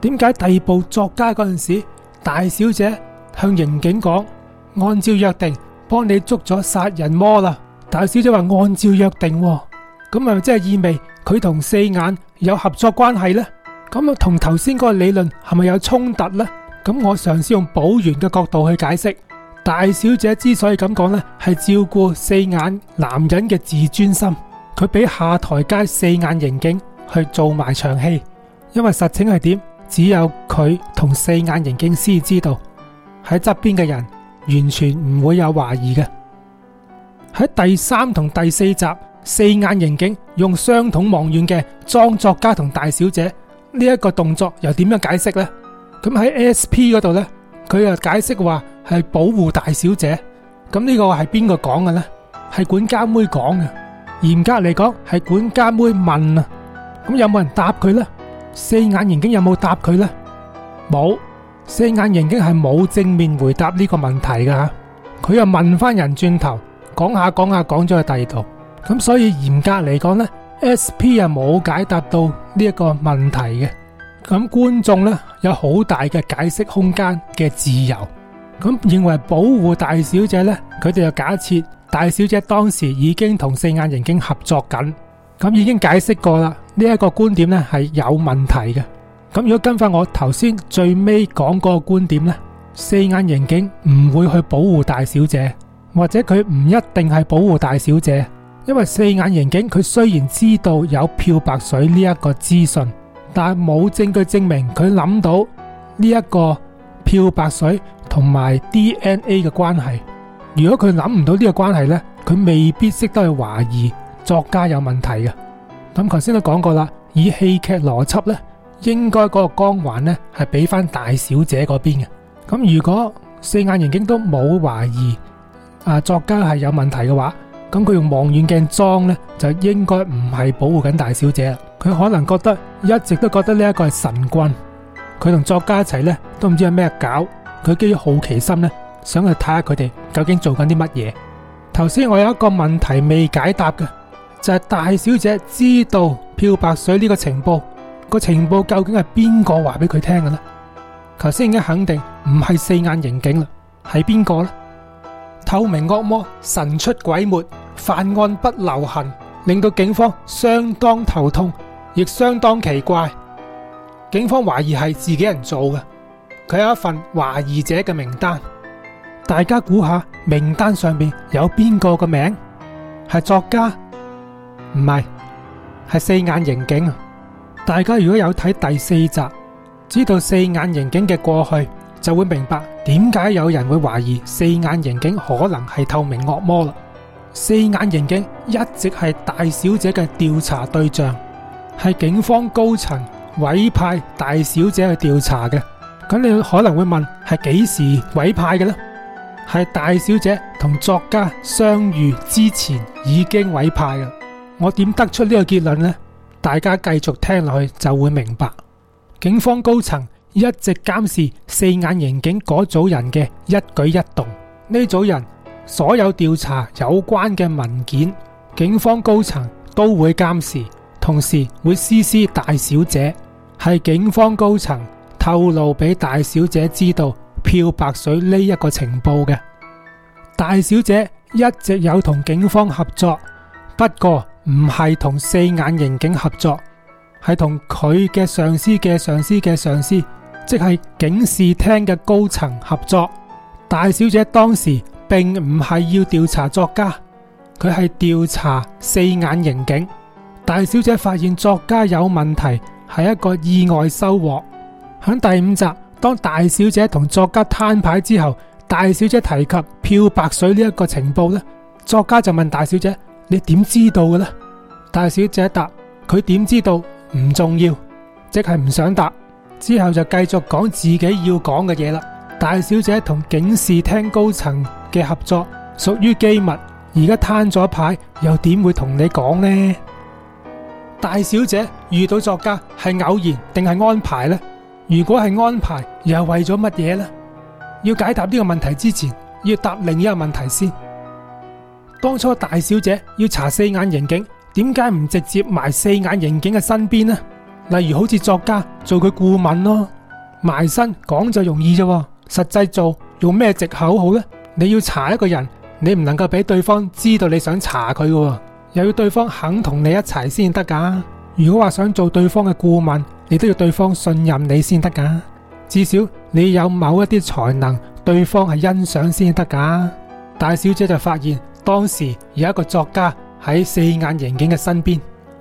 點解第二部作家嗰陣時，大小姐向刑警講按照約定幫你捉咗殺人魔啦？大小姐話按照約定，喎，咁係咪即係意味佢同四眼有合作關係呢？咁啊，同頭先嗰個理論係咪有衝突呢？咁我嘗試用寶源嘅角度去解釋，大小姐之所以咁講呢，係照顧四眼男人嘅自尊心。佢俾下台階四眼刑警去做埋場戲，因為實情係點，只有佢同四眼刑警先知道。喺側邊嘅人完全唔會有懷疑嘅。喺第三同第四集，四眼刑警用相同望遠嘅裝作家同大小姐呢一個動作，又點樣解釋呢？咁喺 SP 嗰度咧，佢又解釋話係保護大小姐。咁呢個係邊個講嘅咧？係管家妹講嘅。嚴格嚟講，係管家妹問啊。咁有冇人答佢咧？四眼刑警有冇答佢咧？冇。四眼刑警係冇正面回答呢個問題嘅吓。佢又問翻人轉頭，講下講下講咗去第二度。咁所以嚴格嚟講咧，SP 係冇解答到呢一個問題嘅。咁觀眾呢有好大嘅解釋空間嘅自由，咁、嗯、認為保護大小姐呢，佢哋就假設大小姐當時已經同四眼刑警合作緊，咁、嗯、已經解釋過啦。呢、這、一個觀點呢係有問題嘅。咁、嗯、如果跟翻我頭先最尾講嗰個觀點呢，四眼刑警唔會去保護大小姐，或者佢唔一定係保護大小姐，因為四眼刑警佢雖然知道有漂白水呢一個資訊。但冇證據證明佢諗到呢一個漂白水同埋 DNA 嘅關係。如果佢諗唔到呢個關係咧，佢未必識得去懷疑作家有問題嘅。咁頭先都講過啦，以戲劇邏輯咧，應該嗰個光環咧係俾翻大小姐嗰邊嘅。咁如果四眼刑警都冇懷疑啊作家係有問題嘅話，咁佢用望遠鏡裝呢，就應該唔係保護緊大小姐。佢可能覺得一直都覺得呢一個係神棍，佢同作家一齊呢，都唔知係咩搞。佢基於好奇心呢，想去睇下佢哋究竟做緊啲乜嘢。頭先我有一個問題未解答嘅，就係大小姐知道漂白水呢個情報，個情報究竟係邊個話俾佢聽嘅呢？頭先已經肯定唔係四眼刑警啦，係邊個呢？透明惡魔神出鬼沒，犯案不留痕，令到警方相當頭痛，亦相當奇怪。警方懷疑係自己人做嘅，佢有一份懷疑者嘅名單。大家估下名單上面有邊個嘅名？係作家？唔係，係四眼刑警啊！大家如果有睇第四集，知道四眼刑警嘅過去。就會明白點解有人會懷疑四眼刑警可能係透明惡魔啦。四眼刑警一直係大小姐嘅調查對象，係警方高層委派大小姐去調查嘅。咁你可能會問，係幾時委派嘅呢？係大小姐同作家相遇之前已經委派嘅。我點得出呢個結論呢？大家繼續聽落去就會明白，警方高層。一直監視四眼刑警嗰組人嘅一舉一動，呢組人所有調查有關嘅文件，警方高層都會監視，同時會私私大小姐係警方高層透露俾大小姐知道漂白水呢一個情報嘅。大小姐一直有同警方合作，不過唔係同四眼刑警合作，係同佢嘅上司嘅上司嘅上司。即係警視廳嘅高層合作，大小姐當時並唔係要調查作家，佢係調查四眼刑警。大小姐發現作家有問題，係一個意外收穫。喺第五集，當大小姐同作家攤牌之後，大小姐提及漂白水呢一個情報呢，作家就問大小姐：你點知道嘅呢？大小姐答：佢點知道唔重要，即係唔想答。之後就繼續講自己要講嘅嘢啦。大小姐同警視廳高層嘅合作屬於機密，而家攤咗牌，又點會同你講呢？大小姐遇到作家係偶然定係安排呢？如果係安排，又係為咗乜嘢呢？要解答呢個問題之前，要答另一個問題先。當初大小姐要查四眼刑警，點解唔直接埋四眼刑警嘅身邊呢？例如好似作家做佢顧問咯，埋身講就容易咋？實際做用咩藉口好呢？你要查一個人，你唔能夠俾對方知道你想查佢嘅，又要對方肯同你一齊先得噶。如果話想做對方嘅顧問，你都要對方信任你先得噶。至少你有某一啲才能，對方係欣賞先得噶。大小姐就發現當時有一個作家喺四眼刑警嘅身邊。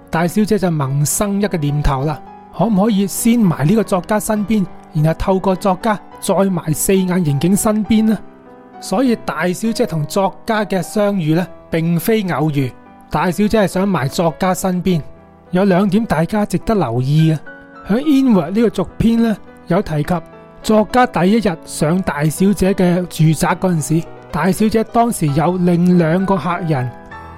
大小姐就萌生一個念頭啦，可唔可以先埋呢個作家身邊，然後透過作家再埋四眼刑警身邊呢？所以大小姐同作家嘅相遇呢，並非偶遇。大小姐係想埋作家身邊，有兩點大家值得留意啊。喺《Inward》呢個續篇呢，有提及，作家第一日上大小姐嘅住宅嗰陣時，大小姐當時有另兩個客人，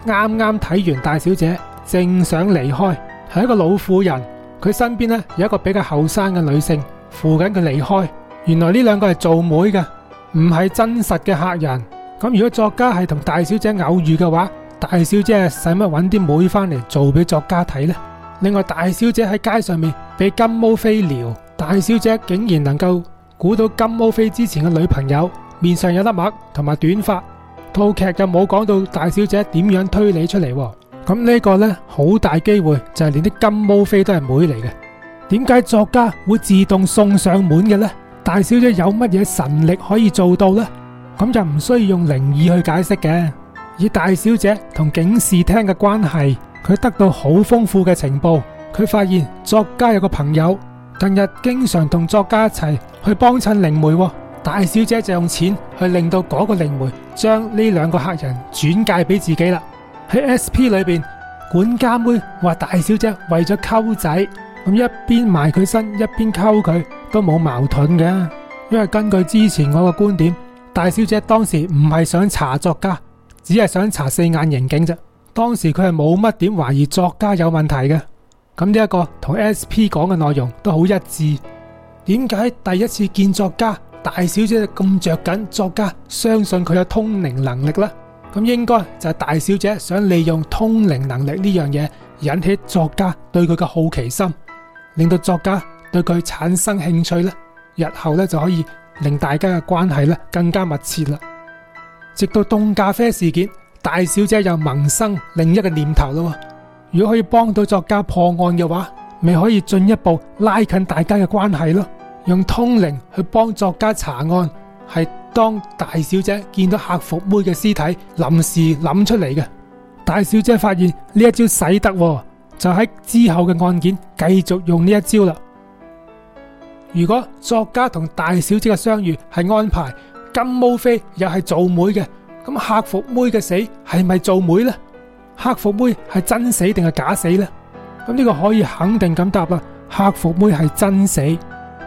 啱啱睇完大小姐。正想離開，係一個老婦人，佢身邊咧有一個比較後生嘅女性扶緊佢離開。原來呢兩個係做妹嘅，唔係真實嘅客人。咁如果作家係同大小姐偶遇嘅話，大小姐使乜揾啲妹翻嚟做俾作家睇呢？另外，大小姐喺街上面俾金毛飛撩，大小姐竟然能夠估到金毛飛之前嘅女朋友面上有粒墨同埋短髮，套劇就冇講到大小姐點樣推理出嚟。咁呢個呢，好大機會就係連啲金毛飛都係妹嚟嘅。點解作家會自動送上門嘅呢？大小姐有乜嘢神力可以做到呢？咁就唔需要用靈異去解釋嘅。以大小姐同警視廳嘅關係，佢得到好豐富嘅情報。佢發現作家有個朋友近日經常同作家一齊去幫襯靈媒，大小姐就用錢去令到嗰個靈媒將呢兩個客人轉介俾自己啦。喺 S.P. 裏邊，管家妹話大小姐為咗溝仔，咁一邊埋佢身，一邊溝佢，都冇矛盾嘅。因為根據之前我嘅觀點，大小姐當時唔係想查作家，只係想查四眼刑警啫。當時佢係冇乜點懷疑作家有問題嘅。咁呢一個同 S.P. 講嘅內容都好一致。點解第一次見作家，大小姐就咁着緊作家，相信佢有通靈能力呢？咁應該就係大小姐想利用通靈能力呢樣嘢，引起作家對佢嘅好奇心，令到作家對佢產生興趣咧。日後咧就可以令大家嘅關係咧更加密切啦。直到凍咖啡事件，大小姐又萌生另一個念頭咯。如果可以幫到作家破案嘅話，咪可以進一步拉近大家嘅關係咯。用通靈去幫作家查案。係當大小姐見到客服妹嘅屍體，臨時諗出嚟嘅。大小姐發現呢一招使得，就喺之後嘅案件繼續用呢一招啦。如果作家同大小姐嘅相遇係安排，金毛飛又係做媒嘅，咁客服妹嘅死係咪做媒呢？客服妹係真死定係假死呢？咁呢個可以肯定咁答啦，客服妹係真死。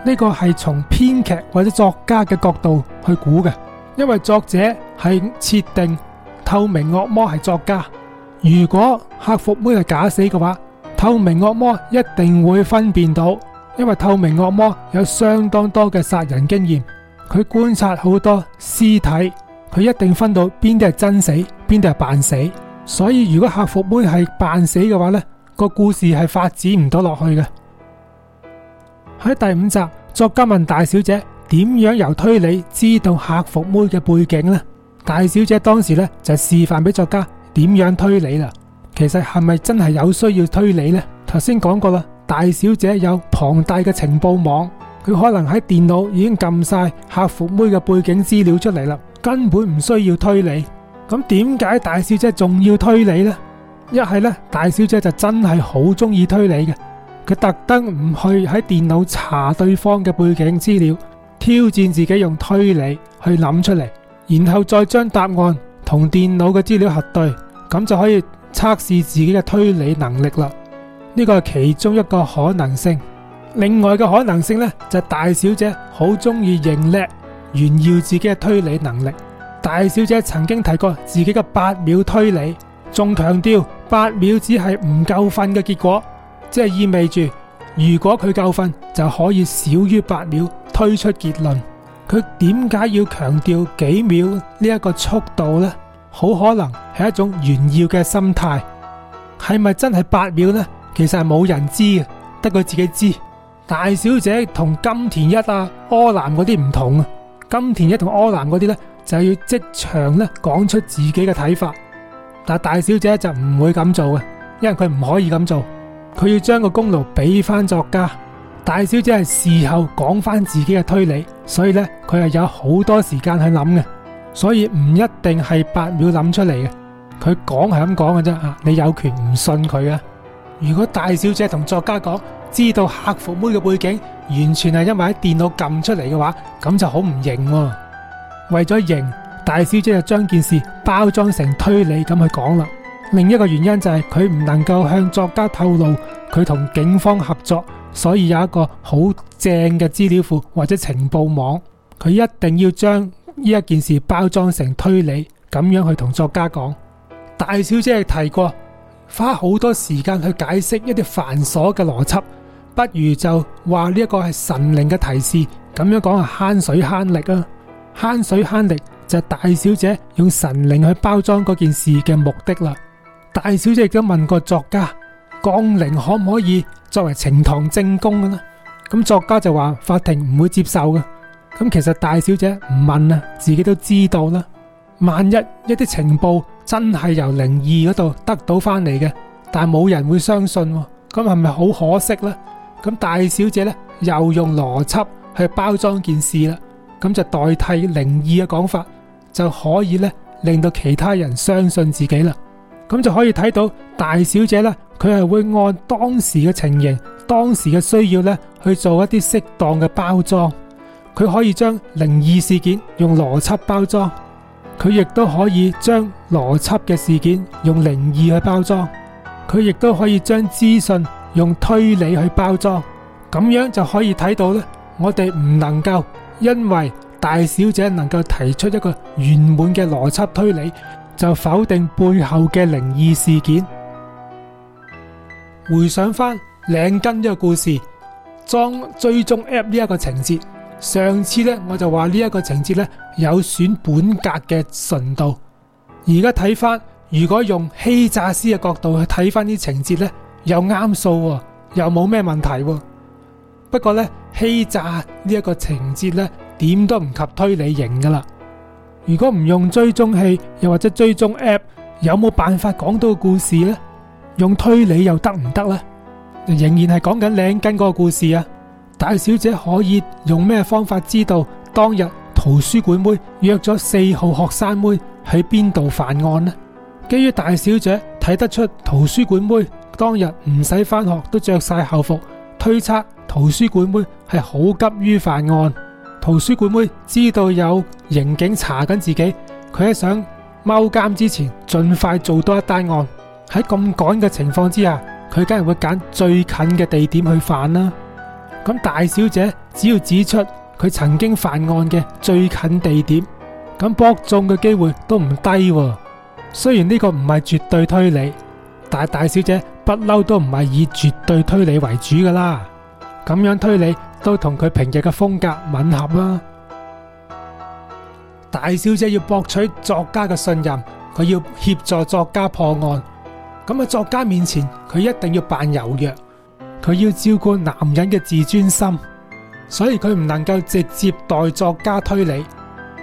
呢個係從編劇或者作家嘅角度去估嘅，因為作者係設定透明惡魔係作家。如果客服妹係假死嘅話，透明惡魔一定會分辨到，因為透明惡魔有相當多嘅殺人經驗，佢觀察好多屍體，佢一定分到邊啲係真死，邊啲係扮死。所以如果客服妹係扮死嘅話，呢個故事係發展唔到落去嘅。喺第五集，作家問大小姐點樣由推理知道客服妹嘅背景呢？大小姐當時呢就示範俾作家點樣推理啦。其實係咪真係有需要推理呢？頭先講過啦，大小姐有龐大嘅情報網，佢可能喺電腦已經撳晒客服妹嘅背景資料出嚟啦，根本唔需要推理。咁點解大小姐仲要推理呢？一係呢，大小姐就真係好中意推理嘅。佢特登唔去喺電腦查對方嘅背景資料，挑戰自己用推理去諗出嚟，然後再將答案同電腦嘅資料核對，咁就可以測試自己嘅推理能力啦。呢、這個係其中一個可能性。另外嘅可能性呢，就是、大小姐好中意認叻，炫耀自己嘅推理能力。大小姐曾經提過自己嘅八秒推理，仲強調八秒只係唔夠瞓嘅結果。即係意味住，如果佢夠瞓，就可以少於八秒推出結論。佢點解要強調幾秒呢？一個速度呢，好可能係一種炫耀嘅心態。係咪真係八秒呢？其實係冇人知嘅，得佢自己知。大小姐同金田一啊、柯南嗰啲唔同啊。金田一同柯南嗰啲呢，就要即場咧講出自己嘅睇法。但大小姐就唔會咁做嘅，因為佢唔可以咁做。佢要將個功勞俾翻作家，大小姐係事後講翻自己嘅推理，所以呢，佢係有好多時間去諗嘅，所以唔一定係八秒諗出嚟嘅。佢講係咁講嘅啫，吓你有權唔信佢啊。如果大小姐同作家講知道客服妹嘅背景完全係因為喺電腦撳出嚟嘅話，咁就好唔型啊。為咗型，大小姐就將件事包裝成推理咁去講啦。另一個原因就係佢唔能夠向作家透露佢同警方合作，所以有一個好正嘅資料庫或者情報網。佢一定要將呢一件事包裝成推理咁樣去同作家講。大小姐提過，花好多時間去解釋一啲繁瑣嘅邏輯，不如就話呢一個係神靈嘅提示咁樣講，係慳水慳力啊。慳水慳力就係大小姐用神靈去包裝嗰件事嘅目的啦。大小姐亦都問過作家，降靈，可唔可以作為呈堂證供嘅呢？咁作家就話法庭唔會接受嘅。咁其實大小姐唔問啊，自己都知道啦。萬一一啲情報真係由靈異嗰度得到翻嚟嘅，但係冇人會相信，咁係咪好可惜呢？咁大小姐呢，又用邏輯去包裝件事啦，咁就代替靈異嘅講法，就可以呢令到其他人相信自己啦。咁就可以睇到大小姐呢，佢係會按當時嘅情形、當時嘅需要呢去做一啲適當嘅包裝。佢可以將靈異事件用邏輯包裝，佢亦都可以將邏輯嘅事件用靈異去包裝，佢亦都可以將資訊用推理去包裝。咁樣就可以睇到呢，我哋唔能夠因為大小姐能夠提出一個圓滿嘅邏輯推理。就否定背後嘅靈異事件。回想翻領巾呢個故事，裝追蹤 app 呢一個情節，上次呢，我就話呢一個情節咧有損本格嘅純度。而家睇翻，如果用欺詐師嘅角度去睇翻啲情節呢又啱數，又冇咩、哦、問題、哦。不過呢，欺詐呢一個情節呢，點都唔及推理型噶啦。如果唔用追蹤器，又或者追蹤 app，有冇辦法講到個故事呢？用推理又得唔得呢？仍然係講緊領巾嗰個故事啊！大小姐可以用咩方法知道當日圖書館妹約咗四號學生妹喺邊度犯案呢？基於大小姐睇得出圖書館妹當日唔使返學都着晒校服，推測圖書館妹係好急於犯案。圖書館妹知道有刑警查緊自己，佢喺想踎監之前，盡快做多一單案。喺咁趕嘅情況之下，佢梗係會揀最近嘅地點去犯啦。咁大小姐只要指出佢曾經犯案嘅最近地點，咁博中嘅機會都唔低啊。雖然呢個唔係絕對推理，但係大小姐不嬲都唔係以絕對推理為主噶啦。咁樣推理。都同佢平日嘅風格吻合啦、啊。大小姐要博取作家嘅信任，佢要協助作家破案。咁喺作家面前，佢一定要扮柔弱，佢要照顧男人嘅自尊心，所以佢唔能夠直接代作家推理，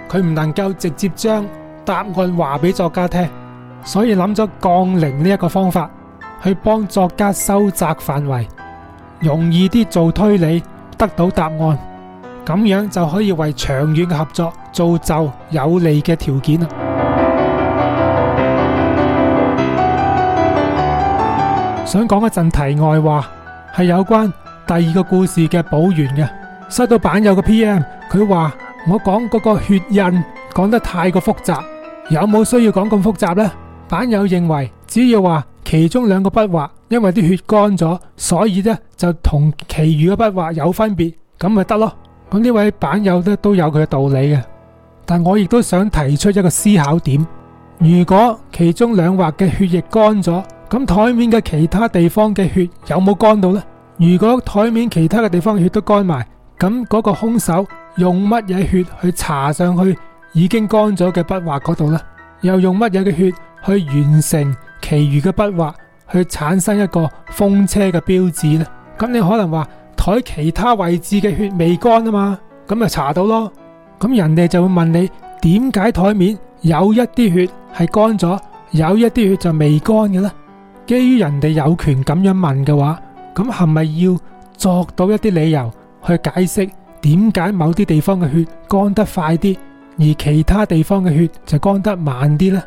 佢唔能夠直接將答案話俾作家聽，所以諗咗降靈呢一個方法去幫作家收窄範圍，容易啲做推理。得到答案，咁樣就可以為長遠嘅合作造就有利嘅條件啦。想講一陣題外話，係有關第二個故事嘅補完嘅。收到版友嘅 PM，佢話我講嗰個血印講得太過複雜，有冇需要講咁複雜呢？」版友認為只要話其中兩個筆畫。因為啲血乾咗，所以呢就同其餘嘅筆畫有分別，咁咪得咯。咁呢位版友咧都有佢嘅道理嘅，但我亦都想提出一個思考點：如果其中兩畫嘅血液乾咗，咁台面嘅其他地方嘅血有冇乾到呢？如果台面其他嘅地方血都乾埋，咁嗰個兇手用乜嘢血去搽上去已經乾咗嘅筆畫嗰度呢？又用乜嘢嘅血去完成其餘嘅筆畫？去產生一個風車嘅標誌呢，咁你可能話台其他位置嘅血未乾啊嘛，咁咪查到咯。咁人哋就會問你：「點解枱面有一啲血係乾咗，有一啲血就未乾嘅呢？」基於人哋有權咁樣問嘅話，咁係咪要作到一啲理由去解釋點解某啲地方嘅血乾得快啲，而其他地方嘅血就乾得慢啲呢？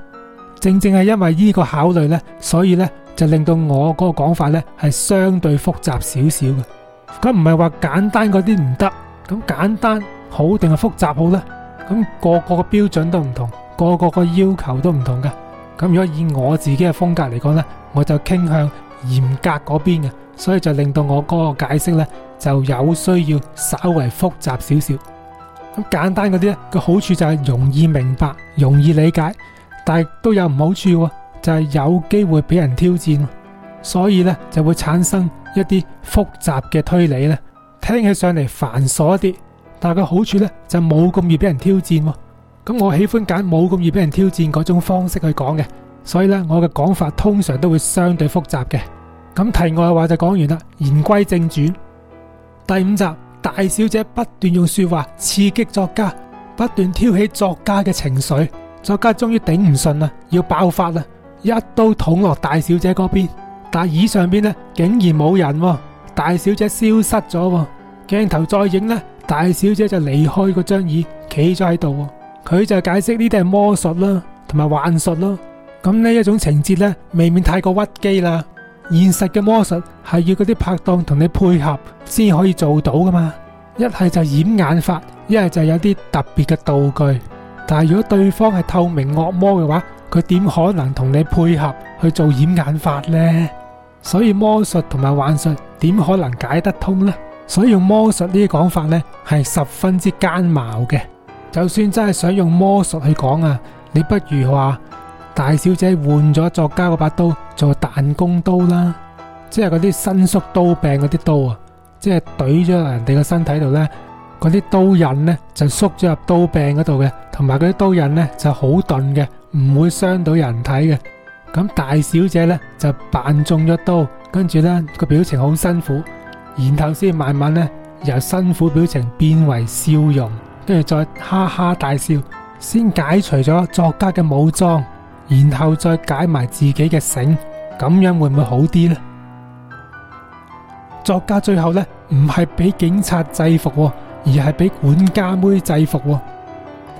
正正係因為呢個考慮呢，所以呢。就令到我嗰個講法呢係相對複雜少少嘅，咁唔係話簡單嗰啲唔得，咁簡單好定係複雜好呢？咁、那個個嘅標準都唔同，個個嘅要求都唔同嘅。咁如果以我自己嘅風格嚟講呢，我就傾向嚴格嗰邊嘅，所以就令到我嗰個解釋呢就有需要稍為複雜少少。咁簡單嗰啲呢個好處就係容易明白、容易理解，但係都有唔好處喎、啊。就係有機會俾人挑戰，所以咧就會產生一啲複雜嘅推理咧，聽起上嚟繁瑣啲，但係個好處咧就冇咁易俾人挑戰喎，咁我喜歡揀冇咁易俾人挑戰嗰種方式去講嘅，所以咧我嘅講法通常都會相對複雜嘅。咁題外話就講完啦，言歸正傳，第五集大小姐不斷用說話刺激作家，不斷挑起作家嘅情緒，作家終於頂唔順啦，要爆發啦。一刀捅落大小姐嗰邊，但係椅上邊呢，竟然冇人，大小姐消失咗。鏡頭再影呢，大小姐就離開嗰張椅，企咗喺度。佢就解釋呢啲係魔術啦，同埋幻術咯。咁呢一種情節呢，未免太過屈機啦。現實嘅魔術係要嗰啲拍檔同你配合先可以做到噶嘛。一係就掩眼法，一係就是有啲特別嘅道具。但係如果對方係透明惡魔嘅話，佢點可能同你配合去做掩眼法呢？所以魔術同埋幻術點可能解得通呢？所以用魔術呢啲講法呢，係十分之奸茅嘅。就算真係想用魔術去講啊，你不如話大小姐換咗作家嗰把刀做彈弓刀啦，即係嗰啲伸縮刀柄嗰啲刀啊，即係懟咗人哋個身體度呢，嗰啲刀刃呢就縮咗入刀柄嗰度嘅，同埋嗰啲刀刃呢就好鈍嘅。唔會傷到人體嘅，咁大小姐呢，就扮中咗刀，跟住呢個表情好辛苦，然後先慢慢呢由辛苦表情變為笑容，跟住再哈哈大笑，先解除咗作家嘅武裝，然後再解埋自己嘅繩，咁樣會唔會好啲呢？作家最後呢，唔係俾警察制服，而係俾管家妹制服。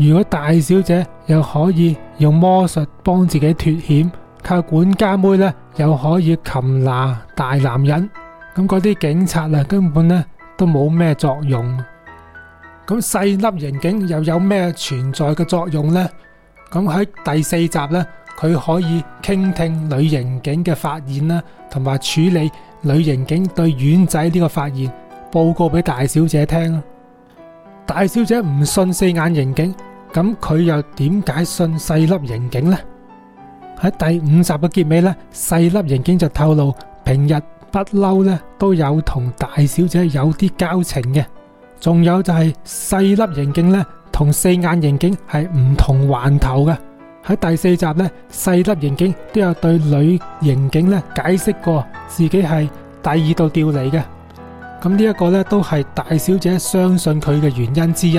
如果大小姐又可以用魔術幫自己脫險，靠管家妹咧又可以擒拿大男人，咁嗰啲警察啊根本咧都冇咩作用。咁細粒刑警又有咩存在嘅作用咧？咁喺第四集咧，佢可以傾聽女刑警嘅發現啦，同埋處理女刑警對丸仔呢個發現報告俾大小姐聽。大小姐唔信四眼刑警。咁佢又點解信細粒刑警呢？喺第五集嘅結尾呢，細粒刑警就透露平日不嬲呢都有同大小姐有啲交情嘅，仲有就係細粒刑警呢，同四眼刑警係唔同環頭嘅。喺第四集呢，細粒刑警都有對女刑警呢解釋過自己係第二度調嚟嘅。咁呢一個呢，都係大小姐相信佢嘅原因之一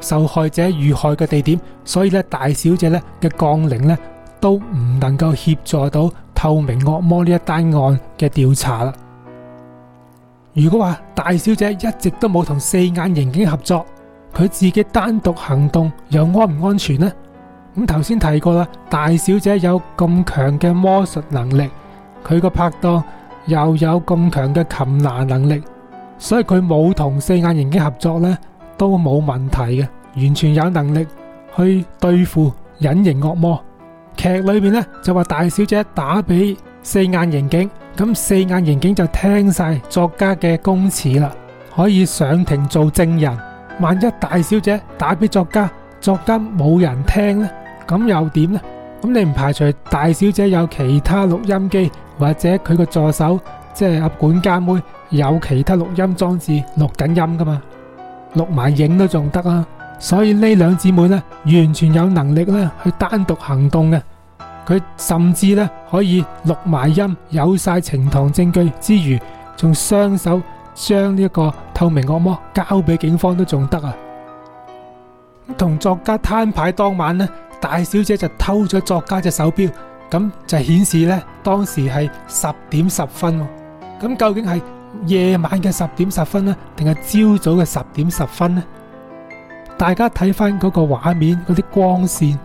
受害者遇害嘅地點，所以咧大小姐咧嘅降靈咧都唔能夠協助到透明惡魔呢一單案嘅調查啦。如果話大小姐一直都冇同四眼刑警合作，佢自己單獨行動又安唔安全呢？咁頭先提過啦，大小姐有咁強嘅魔術能力，佢個拍檔又有咁強嘅擒拿能力，所以佢冇同四眼刑警合作呢。都冇問題嘅，完全有能力去對付隱形惡魔。劇裏面呢就話大小姐打俾四眼刑警，咁四眼刑警就聽晒作家嘅供詞啦，可以上庭做證人。萬一大小姐打俾作家，作家冇人聽呢，咁又點呢？咁你唔排除大小姐有其他錄音機，或者佢個助手即係阿管家妹有其他錄音裝置錄緊音噶嘛？錄埋影都仲得啊，所以呢兩姊妹呢完全有能力呢去單獨行動嘅，佢甚至呢可以錄埋音，有晒呈堂證據之餘，仲雙手將呢一個透明惡魔交俾警方都仲得啊！同作家攤牌當晚呢，大小姐就偷咗作家隻手錶，咁就顯示呢當時係十點十分，咁究竟係？夜晚嘅十點十分咧，定係朝早嘅十點十分咧？大家睇翻嗰個畫面，嗰啲光線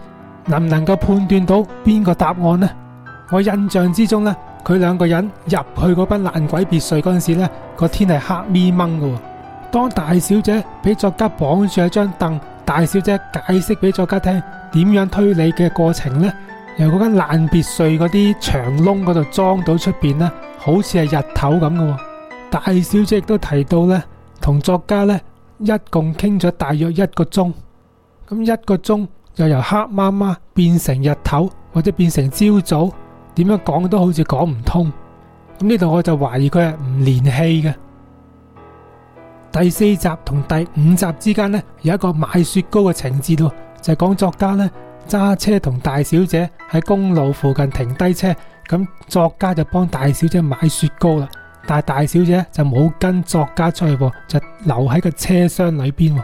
能唔能夠判斷到邊個答案呢？我印象之中呢，佢兩個人入去嗰間爛鬼別墅嗰陣時咧，個天係黑咪掹噶。當大小姐俾作家綁住一張凳，大小姐解釋俾作家聽點樣推理嘅過程呢，由嗰間爛別墅嗰啲長窿嗰度裝到出邊呢，好似係日頭咁噶。大小姐亦都提到呢，同作家呢一共傾咗大約一個鐘。咁一個鐘就由黑媽媽變成日頭，或者變成朝早，點樣講都好似講唔通。咁呢度我就懷疑佢係唔連戲嘅。第四集同第五集之間呢，有一個買雪糕嘅情節喎，就係講作家呢揸車同大小姐喺公路附近停低車，咁作家就幫大小姐買雪糕啦。但大小姐就冇跟作家出去，就留喺個車廂裏邊。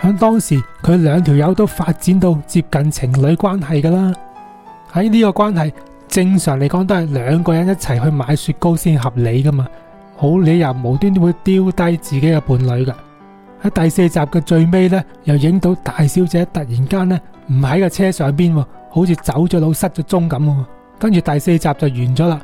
喺當時佢兩條友都發展到接近情侶關係噶啦。喺呢個關係，正常嚟講都係兩個人一齊去買雪糕先合理噶嘛。好理由無端端會丟低自己嘅伴侶噶。喺第四集嘅最尾呢，又影到大小姐突然間呢唔喺個車上邊，好似走咗佬失咗蹤咁。跟住第四集就完咗啦。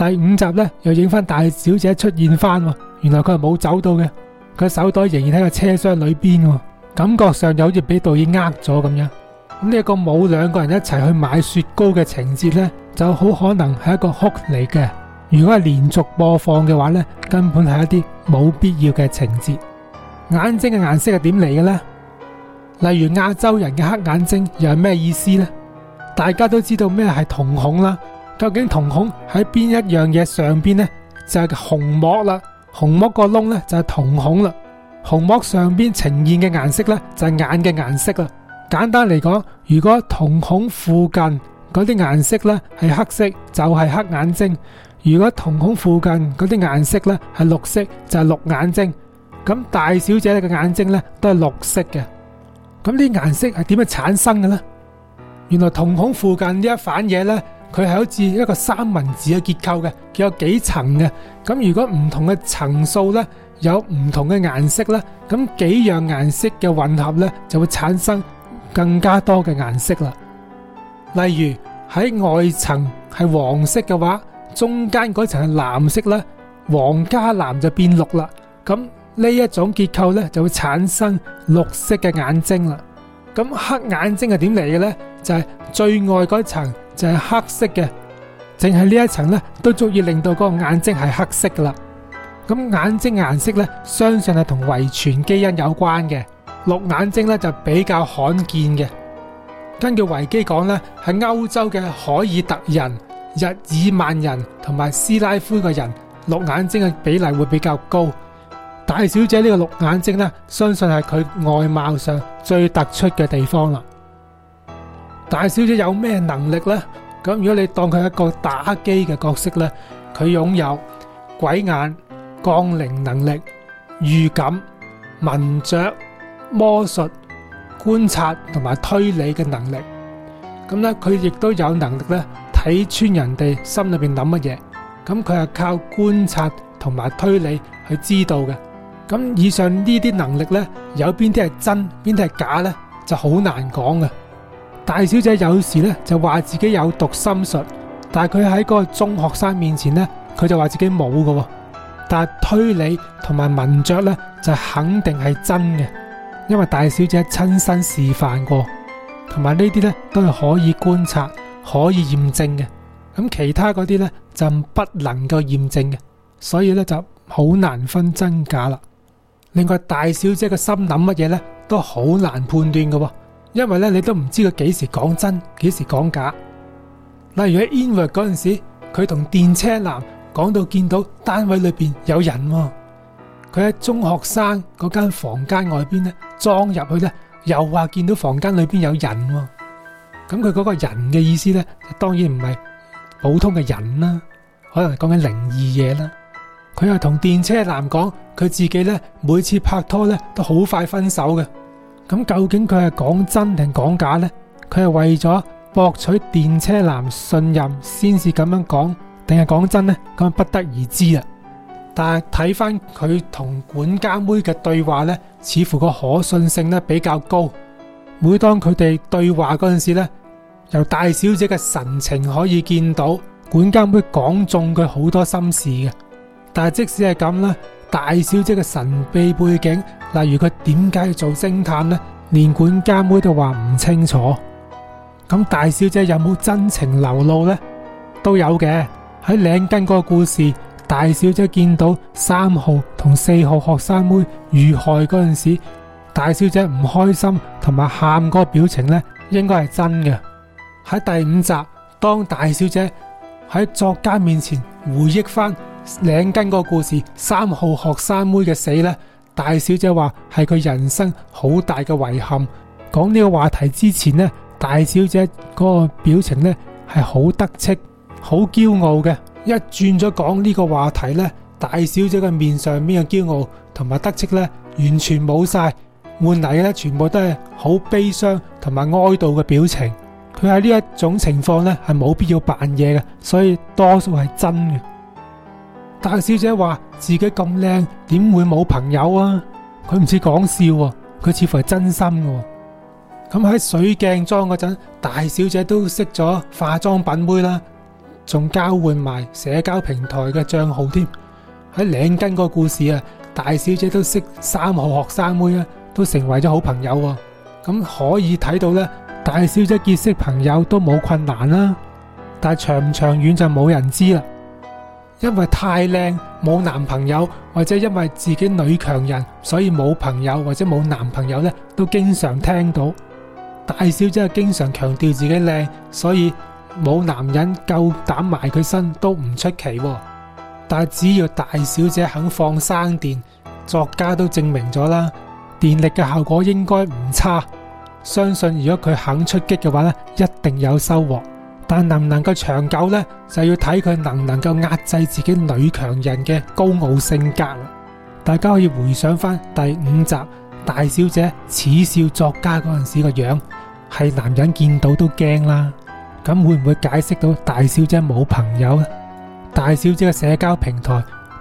第五集呢，又影翻大小姐出現翻，原來佢係冇走到嘅，佢手袋仍然喺個車廂裏邊，感覺上又好似俾導演呃咗咁樣。呢、嗯、一、這個冇兩個人一齊去買雪糕嘅情節呢，就好可能係一個 cut 嚟嘅。如果係連續播放嘅話呢，根本係一啲冇必要嘅情節。眼睛嘅顏色係點嚟嘅呢？例如亞洲人嘅黑眼睛又係咩意思呢？大家都知道咩係瞳孔啦。究竟瞳孔喺邊一樣嘢上邊呢？就係虹膜啦，虹膜個窿呢就係瞳孔啦。虹膜上邊呈現嘅顏色呢就係眼嘅顏色啦。簡單嚟講，如果瞳孔附近嗰啲顏色呢係黑色，就係黑眼睛；如果瞳孔附近嗰啲顏色呢係綠色，就係綠眼睛。咁大小姐嘅眼睛呢都係綠色嘅。咁啲顏色係點樣產生嘅呢？原來瞳孔附近呢一反嘢呢。佢係好似一個三文治嘅結構嘅，佢有幾層嘅。咁如果唔同嘅層數呢，有唔同嘅顏色呢，咁幾樣顏色嘅混合呢，就會產生更加多嘅顏色啦。例如喺外層係黃色嘅話，中間嗰層係藍色呢，黃加藍就變綠啦。咁呢一種結構呢，就會產生綠色嘅眼睛啦。咁黑眼睛係點嚟嘅呢？就係最外嗰層。就係黑色嘅，淨係呢一層咧，都足以令到個眼睛係黑色嘅啦。咁眼睛顏色咧，相信係同遺傳基因有關嘅。綠眼睛咧就比較罕見嘅。根據維基講咧，喺歐洲嘅凱爾特人、日耳曼人同埋斯拉夫嘅人，綠眼睛嘅比例會比較高。大小姐呢個綠眼睛咧，相信係佢外貌上最突出嘅地方啦。大小姐有咩能力呢？咁如果你當佢係一個打機嘅角色呢，佢擁有鬼眼、降靈能力、預感、文著、魔術、觀察同埋推理嘅能力。咁呢，佢亦都有能力呢睇穿人哋心裏邊諗乜嘢。咁佢係靠觀察同埋推理去知道嘅。咁以上呢啲能力呢，有邊啲係真，邊啲係假呢，就好難講嘅。大小姐有時咧就話自己有讀心術，但係佢喺嗰個中學生面前咧，佢就話自己冇噶。但係推理同埋文雀咧就肯定係真嘅，因為大小姐親身示範過，同埋呢啲咧都係可以觀察、可以驗證嘅。咁其他嗰啲咧就不能夠驗證嘅，所以咧就好難分真假啦。另外，大小姐嘅心諗乜嘢咧都好難判斷噶。因為咧，你都唔知佢幾時講真，幾時講假。例如喺 Enroute 嗰陣時，佢同電車男講到見到單位裏邊有人、哦，佢喺中學生嗰間房間外邊咧裝入去咧，又話見到房間裏邊有人、哦。咁佢嗰個人嘅意思咧，當然唔係普通嘅人啦，可能係講緊靈異嘢啦。佢又同電車男講，佢自己咧每次拍拖咧都好快分手嘅。咁究竟佢係講真定講假呢？佢係為咗博取電車男信任，先至咁樣講，定係講真呢？咁不得而知啊！但係睇翻佢同管家妹嘅對話呢，似乎個可信性呢比較高。每當佢哋對話嗰陣時呢，由大小姐嘅神情可以見到管家妹講中佢好多心事嘅。但係即使係咁呢。大小姐嘅神秘背景，例如佢點解要做偵探呢？連管家妹都話唔清楚。咁大小姐有冇真情流露呢？都有嘅。喺領巾嗰個故事，大小姐見到三號同四號學生妹遇害嗰陣時，大小姐唔開心同埋喊嗰個表情呢，應該係真嘅。喺第五集，當大小姐喺作家面前回憶翻。領根個故事，三號學生妹嘅死咧，大小姐話係佢人生好大嘅遺憾。講呢個話題之前咧，大小姐嗰個表情咧係好得戚、好驕傲嘅。一轉咗講呢個話題咧，大小姐嘅面上面嘅驕傲同埋得戚咧完全冇晒，換嚟嘅全部都係好悲傷同埋哀悼嘅表情。佢喺呢一種情況咧係冇必要扮嘢嘅，所以多數係真嘅。大小姐話自己咁靚，點會冇朋友啊？佢唔似講笑，佢似乎係真心嘅。咁喺水鏡莊嗰陣，大小姐都識咗化妝品妹啦，仲交換埋社交平台嘅賬號添。喺「領巾」嗰個故事啊，大小姐都識三號學生妹啊，都成為咗好朋友。咁可以睇到呢，大小姐結識朋友都冇困難啦，但係長唔長遠就冇人知啦。因為太靚，冇男朋友，或者因為自己女強人，所以冇朋友或者冇男朋友呢都經常聽到大小姐啊，經常強調自己靚，所以冇男人夠膽埋佢身都唔出奇。但只要大小姐肯放生電，作家都證明咗啦，電力嘅效果應該唔差。相信如果佢肯出擊嘅話呢一定有收穫。但能唔能夠長久呢？就要睇佢能唔能夠壓制自己女強人嘅高傲性格啦。大家可以回想翻第五集大小姐恥笑作家嗰陣時個樣，係男人見到都驚啦。咁會唔會解釋到大小姐冇朋友呢？大小姐嘅社交平台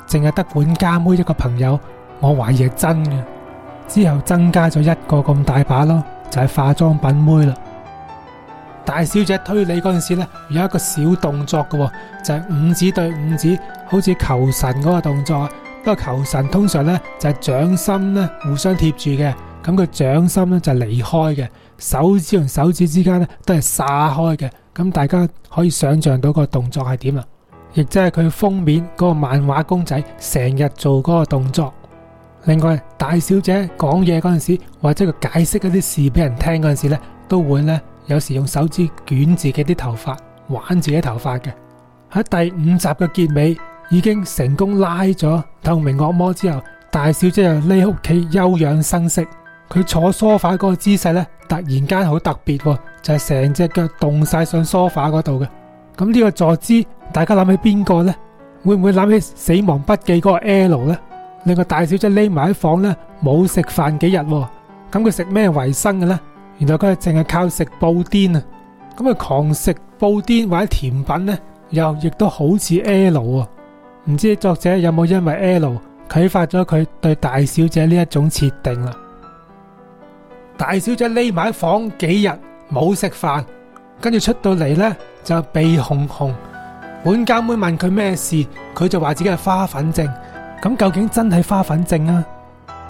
淨係得管家妹一個朋友，我懷疑係真嘅。之後增加咗一個咁大把咯，就係化妝品妹啦。大小姐推理嗰陣時呢，有一個小動作嘅、哦，就係、是、五指對五指，好似求神嗰個動作。不過求神通常呢，就係、是、掌心呢互相貼住嘅，咁個掌心呢就是、離開嘅，手指同手指之間呢都係撒開嘅。咁大家可以想象到個動作係點啊？亦即係佢封面嗰個漫畫公仔成日做嗰個動作。另外，大小姐講嘢嗰陣時，或者佢解釋一啲事俾人聽嗰陣時呢，都會呢。有時用手指捲自己啲頭髮，玩自己頭髮嘅。喺第五集嘅結尾已經成功拉咗透明惡魔之後，大小姐又匿屋企休養生息。佢坐梳化嗰個姿勢咧，突然間好特別喎，就係成隻腳凍曬上梳化嗰度嘅。咁呢個坐姿，大家諗起邊個咧？會唔會諗起死亡筆記嗰個 L 咧？令到大小姐匿埋喺房咧，冇食飯幾日，咁佢食咩維生嘅咧？原來佢淨係靠食布甸啊，咁佢狂食布甸或者甜品呢，又亦都好似 L 啊，唔知作者有冇因為 L 啟發咗佢對大小姐呢一種設定啦？大小姐匿埋喺房幾日冇食飯，跟住出到嚟呢，就鼻紅紅，管家妹問佢咩事，佢就話自己係花粉症。咁究竟真係花粉症啊，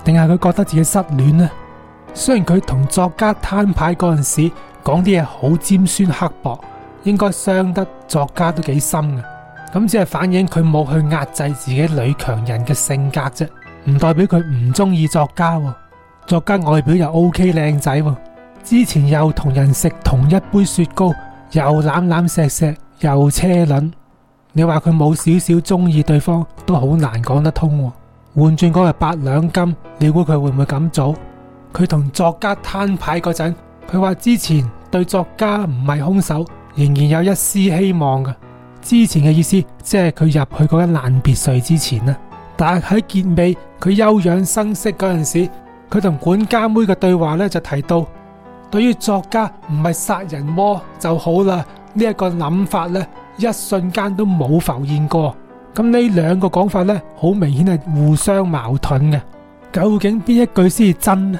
定係佢覺得自己失戀啊？雖然佢同作家攤牌嗰陣時講啲嘢好尖酸刻薄，應該傷得作家都幾深嘅，咁只係反映佢冇去壓制自己女強人嘅性格啫，唔代表佢唔中意作家喎。作家外表又 OK 靚仔喎，之前又同人食同一杯雪糕，又攬攬錫錫，又車輪，你話佢冇少少中意對方都好難講得通喎。換轉講係八兩金，你估佢會唔會咁做？佢同作家攤牌嗰陣，佢話之前對作家唔係凶手，仍然有一絲希望嘅。之前嘅意思即係佢入去嗰間爛別墅之前啦。但係喺結尾佢休養生息嗰陣時，佢同管家妹嘅對話呢就提到，對於作家唔係殺人魔就好啦。呢一個諗法呢，一瞬間都冇浮現過。咁呢兩個講法呢，好明顯係互相矛盾嘅。究竟邊一句先係真咧？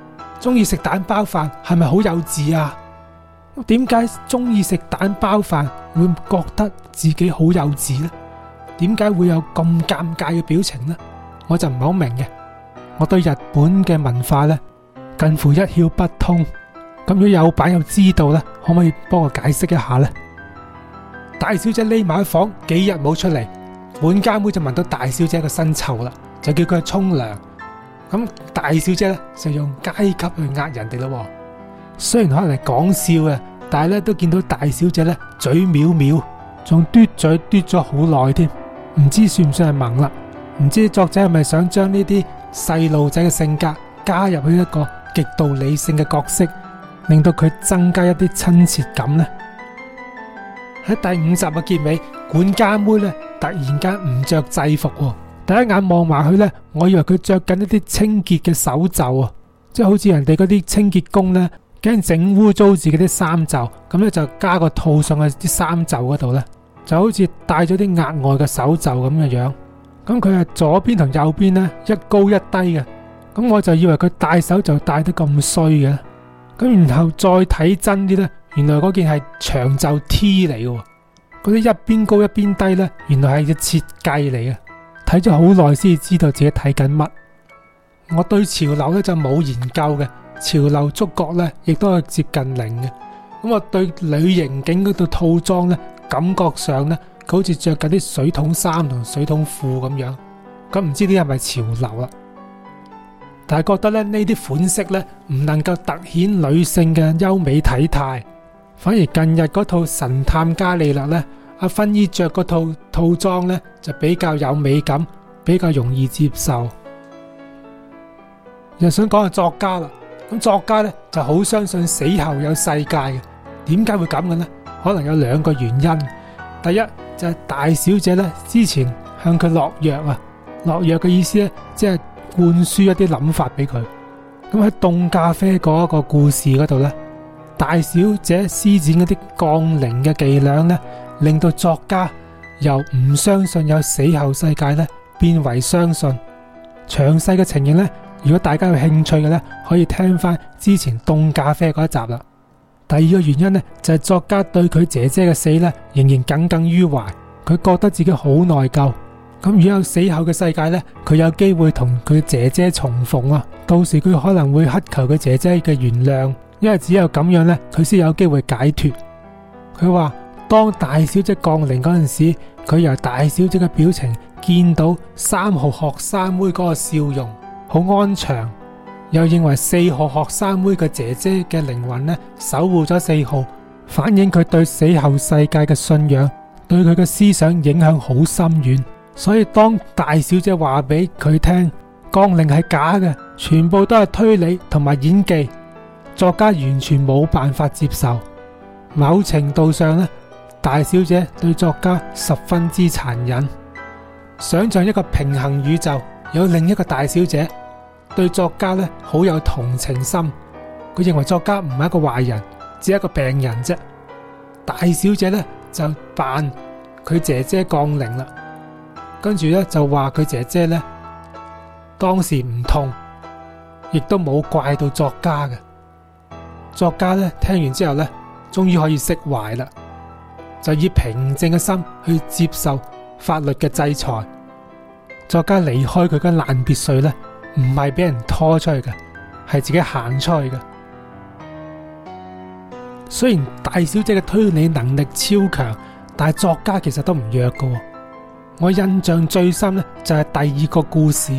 中意食蛋包飯係咪好幼稚啊？點解中意食蛋包飯會覺得自己好幼稚呢？點解會有咁尷尬嘅表情呢？我就唔係好明嘅。我對日本嘅文化呢，近乎一竅不通。咁如果有版友知道呢，可唔可以幫我解釋一下呢？大小姐匿埋喺房幾日冇出嚟，滿家妹就聞到大小姐嘅身臭啦，就叫佢去沖涼。咁大小姐咧就用階級去呃人哋咯，雖然可能係講笑嘅，但係咧都見到大小姐咧嘴藐藐，仲嘟嘴嘟咗好耐添，唔知算唔算係萌啦？唔知作者係咪想將呢啲細路仔嘅性格加入去一個極度理性嘅角色，令到佢增加一啲親切感呢？喺第五集嘅結尾，管家妹咧突然間唔着制服喎。第一眼望埋佢呢，我以為佢着緊一啲清潔嘅手袖啊，即係好似人哋嗰啲清潔工咧，驚整污糟自己啲衫袖，咁呢就加個套上嘅啲衫袖嗰度呢，就好似帶咗啲額外嘅手袖咁嘅樣。咁佢係左邊同右邊呢，一高一低嘅，咁我就以為佢戴手袖戴得咁衰嘅。咁然後再睇真啲呢，原來嗰件係長袖 T 嚟嘅，嗰啲一邊高一邊低呢，原來係一個設計嚟嘅。睇咗好耐先知道自己睇緊乜，我對潮流咧就冇研究嘅，潮流觸覺咧亦都係接近零嘅。咁我對女刑警嗰套套裝咧，感覺上咧佢好似着緊啲水桶衫同水桶褲咁樣，咁唔知啲係咪潮流啦？但係覺得咧呢啲款式咧唔能夠突顯女性嘅優美體態，反而近日嗰套《神探伽利略》咧。阿芬姨着嗰套套裝呢，就比較有美感，比較容易接受。又想講下作家啦，咁作家呢，就好相信死後有世界嘅。點解會咁嘅呢？可能有兩個原因。第一就係大小姐呢，之前向佢落藥啊，落藥嘅意思呢，即係灌輸一啲諗法俾佢。咁喺凍咖啡嗰個故事嗰度呢，大小姐施展嗰啲降靈嘅伎倆呢。令到作家由唔相信有死後世界呢，變為相信。詳細嘅情形呢，如果大家有興趣嘅呢，可以聽翻之前凍咖啡嗰一集啦。第二個原因呢，就係作家對佢姐姐嘅死呢，仍然耿耿於懷，佢覺得自己好內疚。咁如果有死後嘅世界呢，佢有機會同佢姐姐重逢啊，到時佢可能會乞求佢姐姐嘅原諒，因為只有咁樣呢，佢先有機會解脫。佢話。當大小姐降靈嗰陣時，佢由大小姐嘅表情見到三號學生妹嗰個笑容，好安詳，又認為四號學生妹嘅姐姐嘅靈魂呢，守護咗四號，反映佢對死後世界嘅信仰，對佢嘅思想影響好深遠。所以當大小姐話俾佢聽，降靈係假嘅，全部都係推理同埋演技，作家完全冇辦法接受。某程度上呢，大小姐對作家十分之殘忍。想象一個平衡宇宙，有另一個大小姐對作家呢，好有同情心。佢認為作家唔係一個壞人，只係一個病人啫。大小姐呢，就扮佢姐姐降靈啦，跟住呢，就話佢姐姐呢，當時唔痛，亦都冇怪到作家嘅。作家呢，聽完之後呢，終於可以釋懷啦。就以平靜嘅心去接受法律嘅制裁。作家離開佢間爛別墅呢，唔係俾人拖出去嘅，係自己行出去嘅。雖然大小姐嘅推理能力超強，但係作家其實都唔弱嘅。我印象最深呢，就係第二個故事。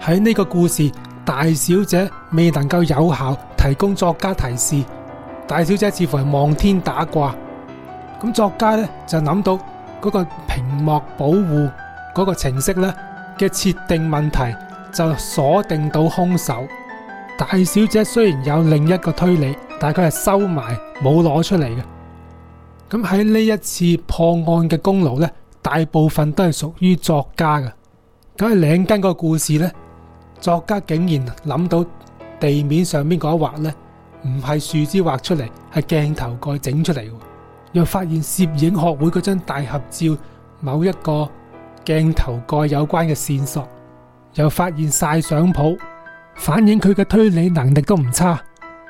喺呢個故事，大小姐未能夠有效提供作家提示，大小姐似乎係望天打卦。咁作家咧就諗到嗰個屏幕保護嗰個程式咧嘅設定問題，就鎖定到凶手。大小姐雖然有另一個推理，但佢係收埋冇攞出嚟嘅。咁喺呢一次破案嘅功勞咧，大部分都係屬於作家嘅。咁係兩根個故事咧，作家竟然諗到地面上面嗰一畫咧，唔係樹枝畫出嚟，係鏡頭蓋整出嚟嘅。又發現攝影學會嗰張大合照某一個鏡頭蓋有關嘅線索，又發現晒相簿，反映佢嘅推理能力都唔差。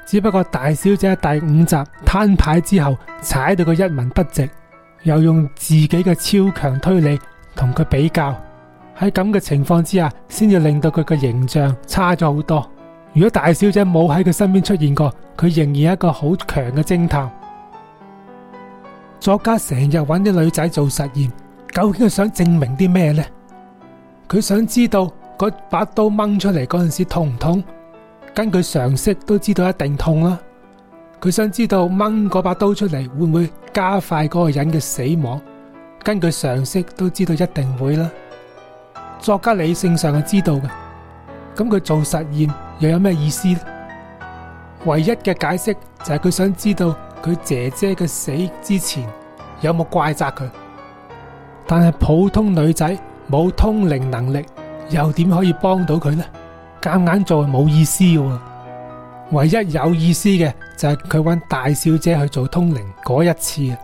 只不過大小姐第五集攤牌之後，踩到佢一文不值，又用自己嘅超強推理同佢比較，喺咁嘅情況之下，先至令到佢嘅形象差咗好多。如果大小姐冇喺佢身邊出現過，佢仍然係一個好強嘅偵探。作家成日揾啲女仔做實驗，究竟係想證明啲咩呢？佢想知道嗰把刀掹出嚟嗰陣時痛唔痛？根據常識都知道一定痛啦。佢想知道掹嗰把刀出嚟會唔會加快嗰個人嘅死亡？根據常識都知道一定會啦。作家理性上係知道嘅，咁佢做實驗又有咩意思呢？唯一嘅解釋就係佢想知道。佢姐姐嘅死之前有冇怪責佢？但係普通女仔冇通靈能力，又點可以幫到佢呢？夾硬做係冇意思嘅，唯一有意思嘅就係佢搵大小姐去做通靈，嗰一次。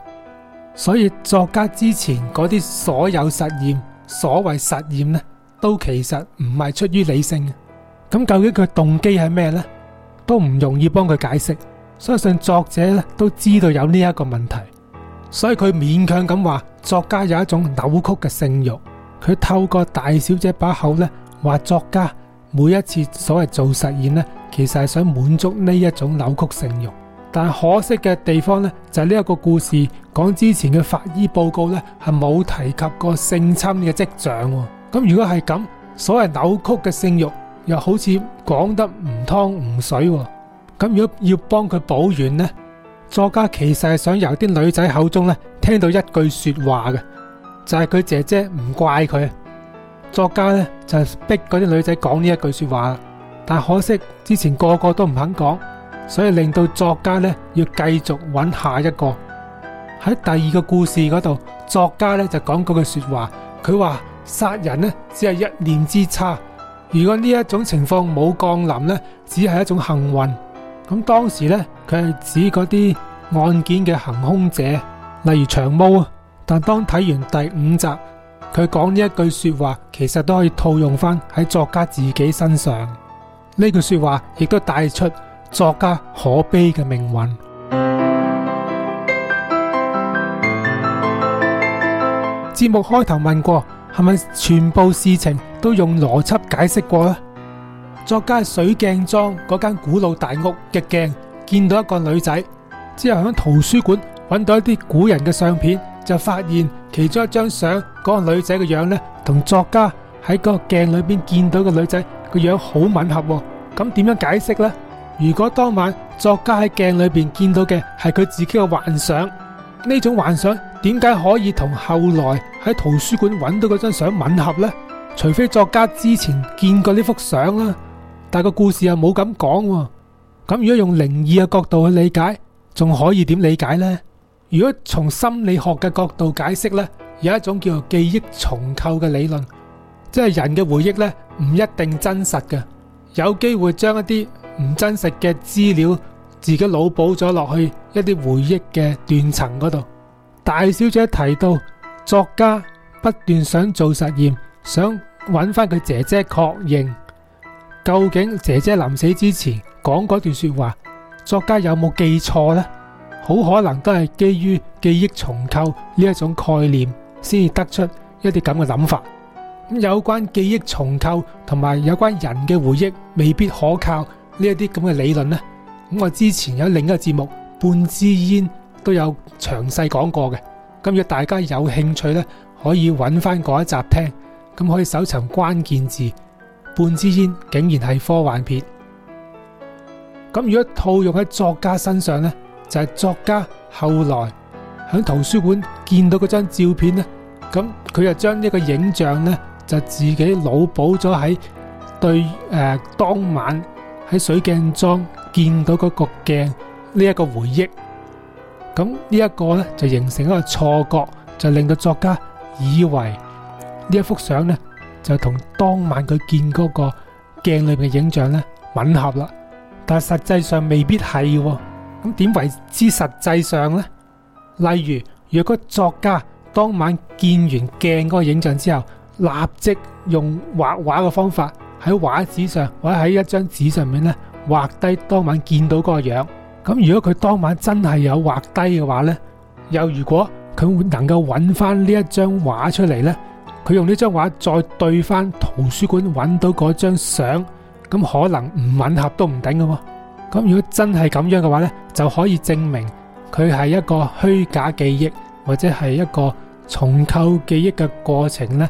所以作家之前嗰啲所有實驗，所謂實驗呢，都其實唔係出於理性。咁究竟佢動機係咩呢？都唔容易幫佢解釋。相信作者咧都知道有呢一個問題，所以佢勉強咁話作家有一種扭曲嘅性慾，佢透過大小姐把口咧話作家每一次所謂做實驗呢，其實係想滿足呢一種扭曲性慾。但可惜嘅地方呢，就係呢一個故事講之前嘅法醫報告呢，係冇提及過性侵嘅跡象，咁如果係咁，所謂扭曲嘅性慾又好似講得唔湯唔水。咁如果要幫佢補完呢，作家其實係想由啲女仔口中咧聽到一句說話嘅，就係佢姐姐唔怪佢。作家呢就逼嗰啲女仔講呢一句說話，但可惜之前個個都唔肯講，所以令到作家呢要繼續揾下一個喺第二個故事嗰度。作家呢就講句說話，佢話殺人呢只係一念之差。如果呢一種情況冇降臨呢，只係一種幸運。咁當時呢，佢係指嗰啲案件嘅行凶者，例如長毛啊。但當睇完第五集，佢講呢一句說話，其實都可以套用翻喺作家自己身上。呢句說話亦都帶出作家可悲嘅命運。 *music* 節目開頭問過，係咪全部事情都用邏輯解釋過呢？作家喺水鏡莊嗰間古老大屋嘅鏡見到一個女仔，之後喺圖書館揾到一啲古人嘅相片，就發現其中一張相嗰個女仔嘅樣呢，同作家喺嗰個鏡裏邊見到嘅女仔個樣好吻合，哦。咁點樣解釋呢？如果當晚作家喺鏡裏邊見到嘅係佢自己嘅幻想，呢種幻想點解可以同後來喺圖書館揾到嗰張相吻合呢？除非作家之前見過呢幅相啦。但個故事又冇咁講，咁如果用靈異嘅角度去理解，仲可以點理解呢？如果從心理學嘅角度解釋呢，有一種叫做記憶重構嘅理論，即係人嘅回憶呢唔一定真實嘅，有機會將一啲唔真實嘅資料自己腦補咗落去一啲回憶嘅斷層嗰度。大小姐提到作家不斷想做實驗，想搵翻佢姐姐確認。究竟姐姐臨死之前講嗰段說話，作家有冇記錯咧？好可能都係基於記憶重構呢一種概念，先至得出一啲咁嘅諗法。咁、嗯、有關記憶重構同埋有關人嘅回憶未必可靠呢一啲咁嘅理論咧，咁、嗯、我之前有另一個節目《半支煙》都有詳細講過嘅。咁、嗯、若大家有興趣咧，可以揾翻嗰一集聽，咁、嗯、可以搜尋關鍵字。半支煙竟然係科幻片，咁如果套用喺作家身上呢，就係作家後來喺圖書館見到嗰張照片呢，咁佢就將呢個影像呢就自己腦補咗喺對誒當晚喺水鏡莊見到嗰個鏡呢一個回憶，咁呢一個呢就形成一個錯覺，就令到作家以為呢一幅相呢。就同當晚佢見嗰個鏡裏面嘅影像咧吻合啦，但係實際上未必係。哦，咁點為之實際上呢？例如，若果作家當晚見完鏡嗰個影像之後，立即用畫畫嘅方法喺畫紙上或者喺一張紙上面咧畫低當晚見到嗰個樣，咁如果佢當晚真係有畫低嘅話呢，又如果佢能夠揾翻呢一張畫出嚟呢？佢用呢張畫再對返圖書館揾到嗰張相，咁可能唔吻合都唔定㗎。咁如果真係咁樣嘅話呢，就可以證明佢係一個虛假記憶，或者係一個重構記憶嘅過程呢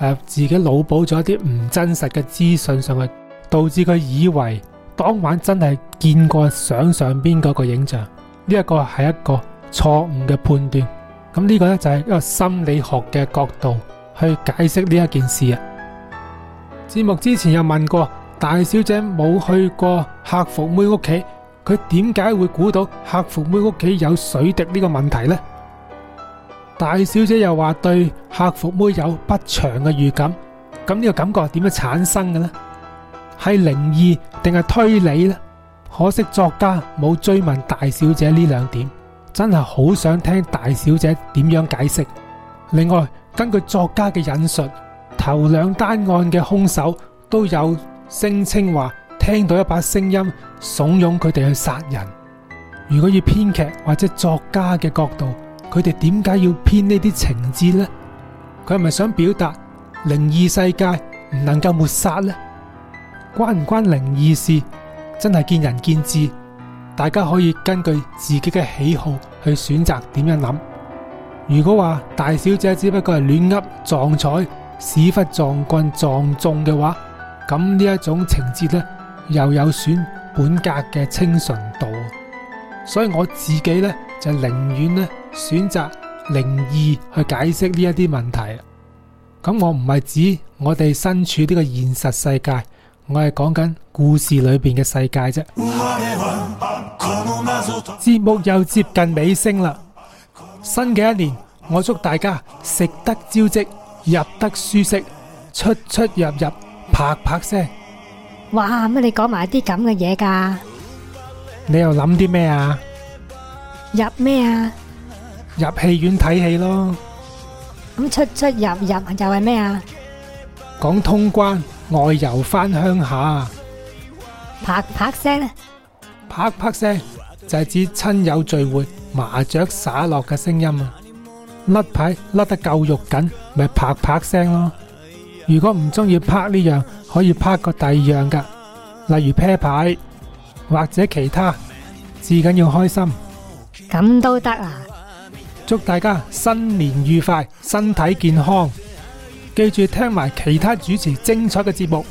誒、啊，自己腦補咗一啲唔真實嘅資訊上去，導致佢以為當晚真係見過相上邊嗰個影像。呢、這、一個係一個錯誤嘅判斷。咁呢個呢，就係、是、一個心理學嘅角度，去解釋呢一件事啊。節目之前有問過大小姐，冇去過客服妹屋企，佢點解會估到客服妹屋企有水滴呢個問題呢？大小姐又話對客服妹有不祥嘅預感，咁、這、呢個感覺係點樣產生嘅呢？係靈異定係推理呢？可惜作家冇追問大小姐呢兩點，真係好想聽大小姐點樣解釋。另外。根據作家嘅引述，頭兩單案嘅凶手都有聲稱話聽到一把聲音慫恿佢哋去殺人。如果以編劇或者作家嘅角度，佢哋點解要編呢啲情節呢？佢係咪想表達靈異世界唔能夠抹殺呢？關唔關靈異事，真係見仁見智，大家可以根據自己嘅喜好去選擇點樣諗。如果話大小姐只不過係亂噏撞彩，屎忽撞棍撞中嘅話，咁呢一種情節呢，又有損本格嘅清純度，所以我自己呢，就寧願呢選擇靈異去解釋呢一啲問題。咁我唔係指我哋身處呢個現實世界，我係講緊故事裏邊嘅世界啫。節 *music* 目又接近尾聲啦。新嘅一年，我祝大家食得招積，入得舒適，出出入入，啪啪聲。哇，乜你講埋啲咁嘅嘢噶？你，你又諗啲咩啊？入咩啊？入戲院睇戲咯。咁、嗯、出出入入又係咩啊？講通關外遊返鄉下，啪啪聲，拍拍聲。就係指親友聚會麻雀撒落嘅聲音啊！甩牌甩得夠肉緊，咪啪啪聲咯。如果唔中意拍呢樣，可以拍個第二樣㗎，例如啤牌或者其他，至緊要開心咁都得啊！祝大家新年愉快，身體健康。記住聽埋其他主持精彩嘅節目，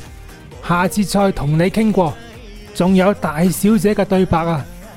下次再同你傾過。仲有大小姐嘅對白啊！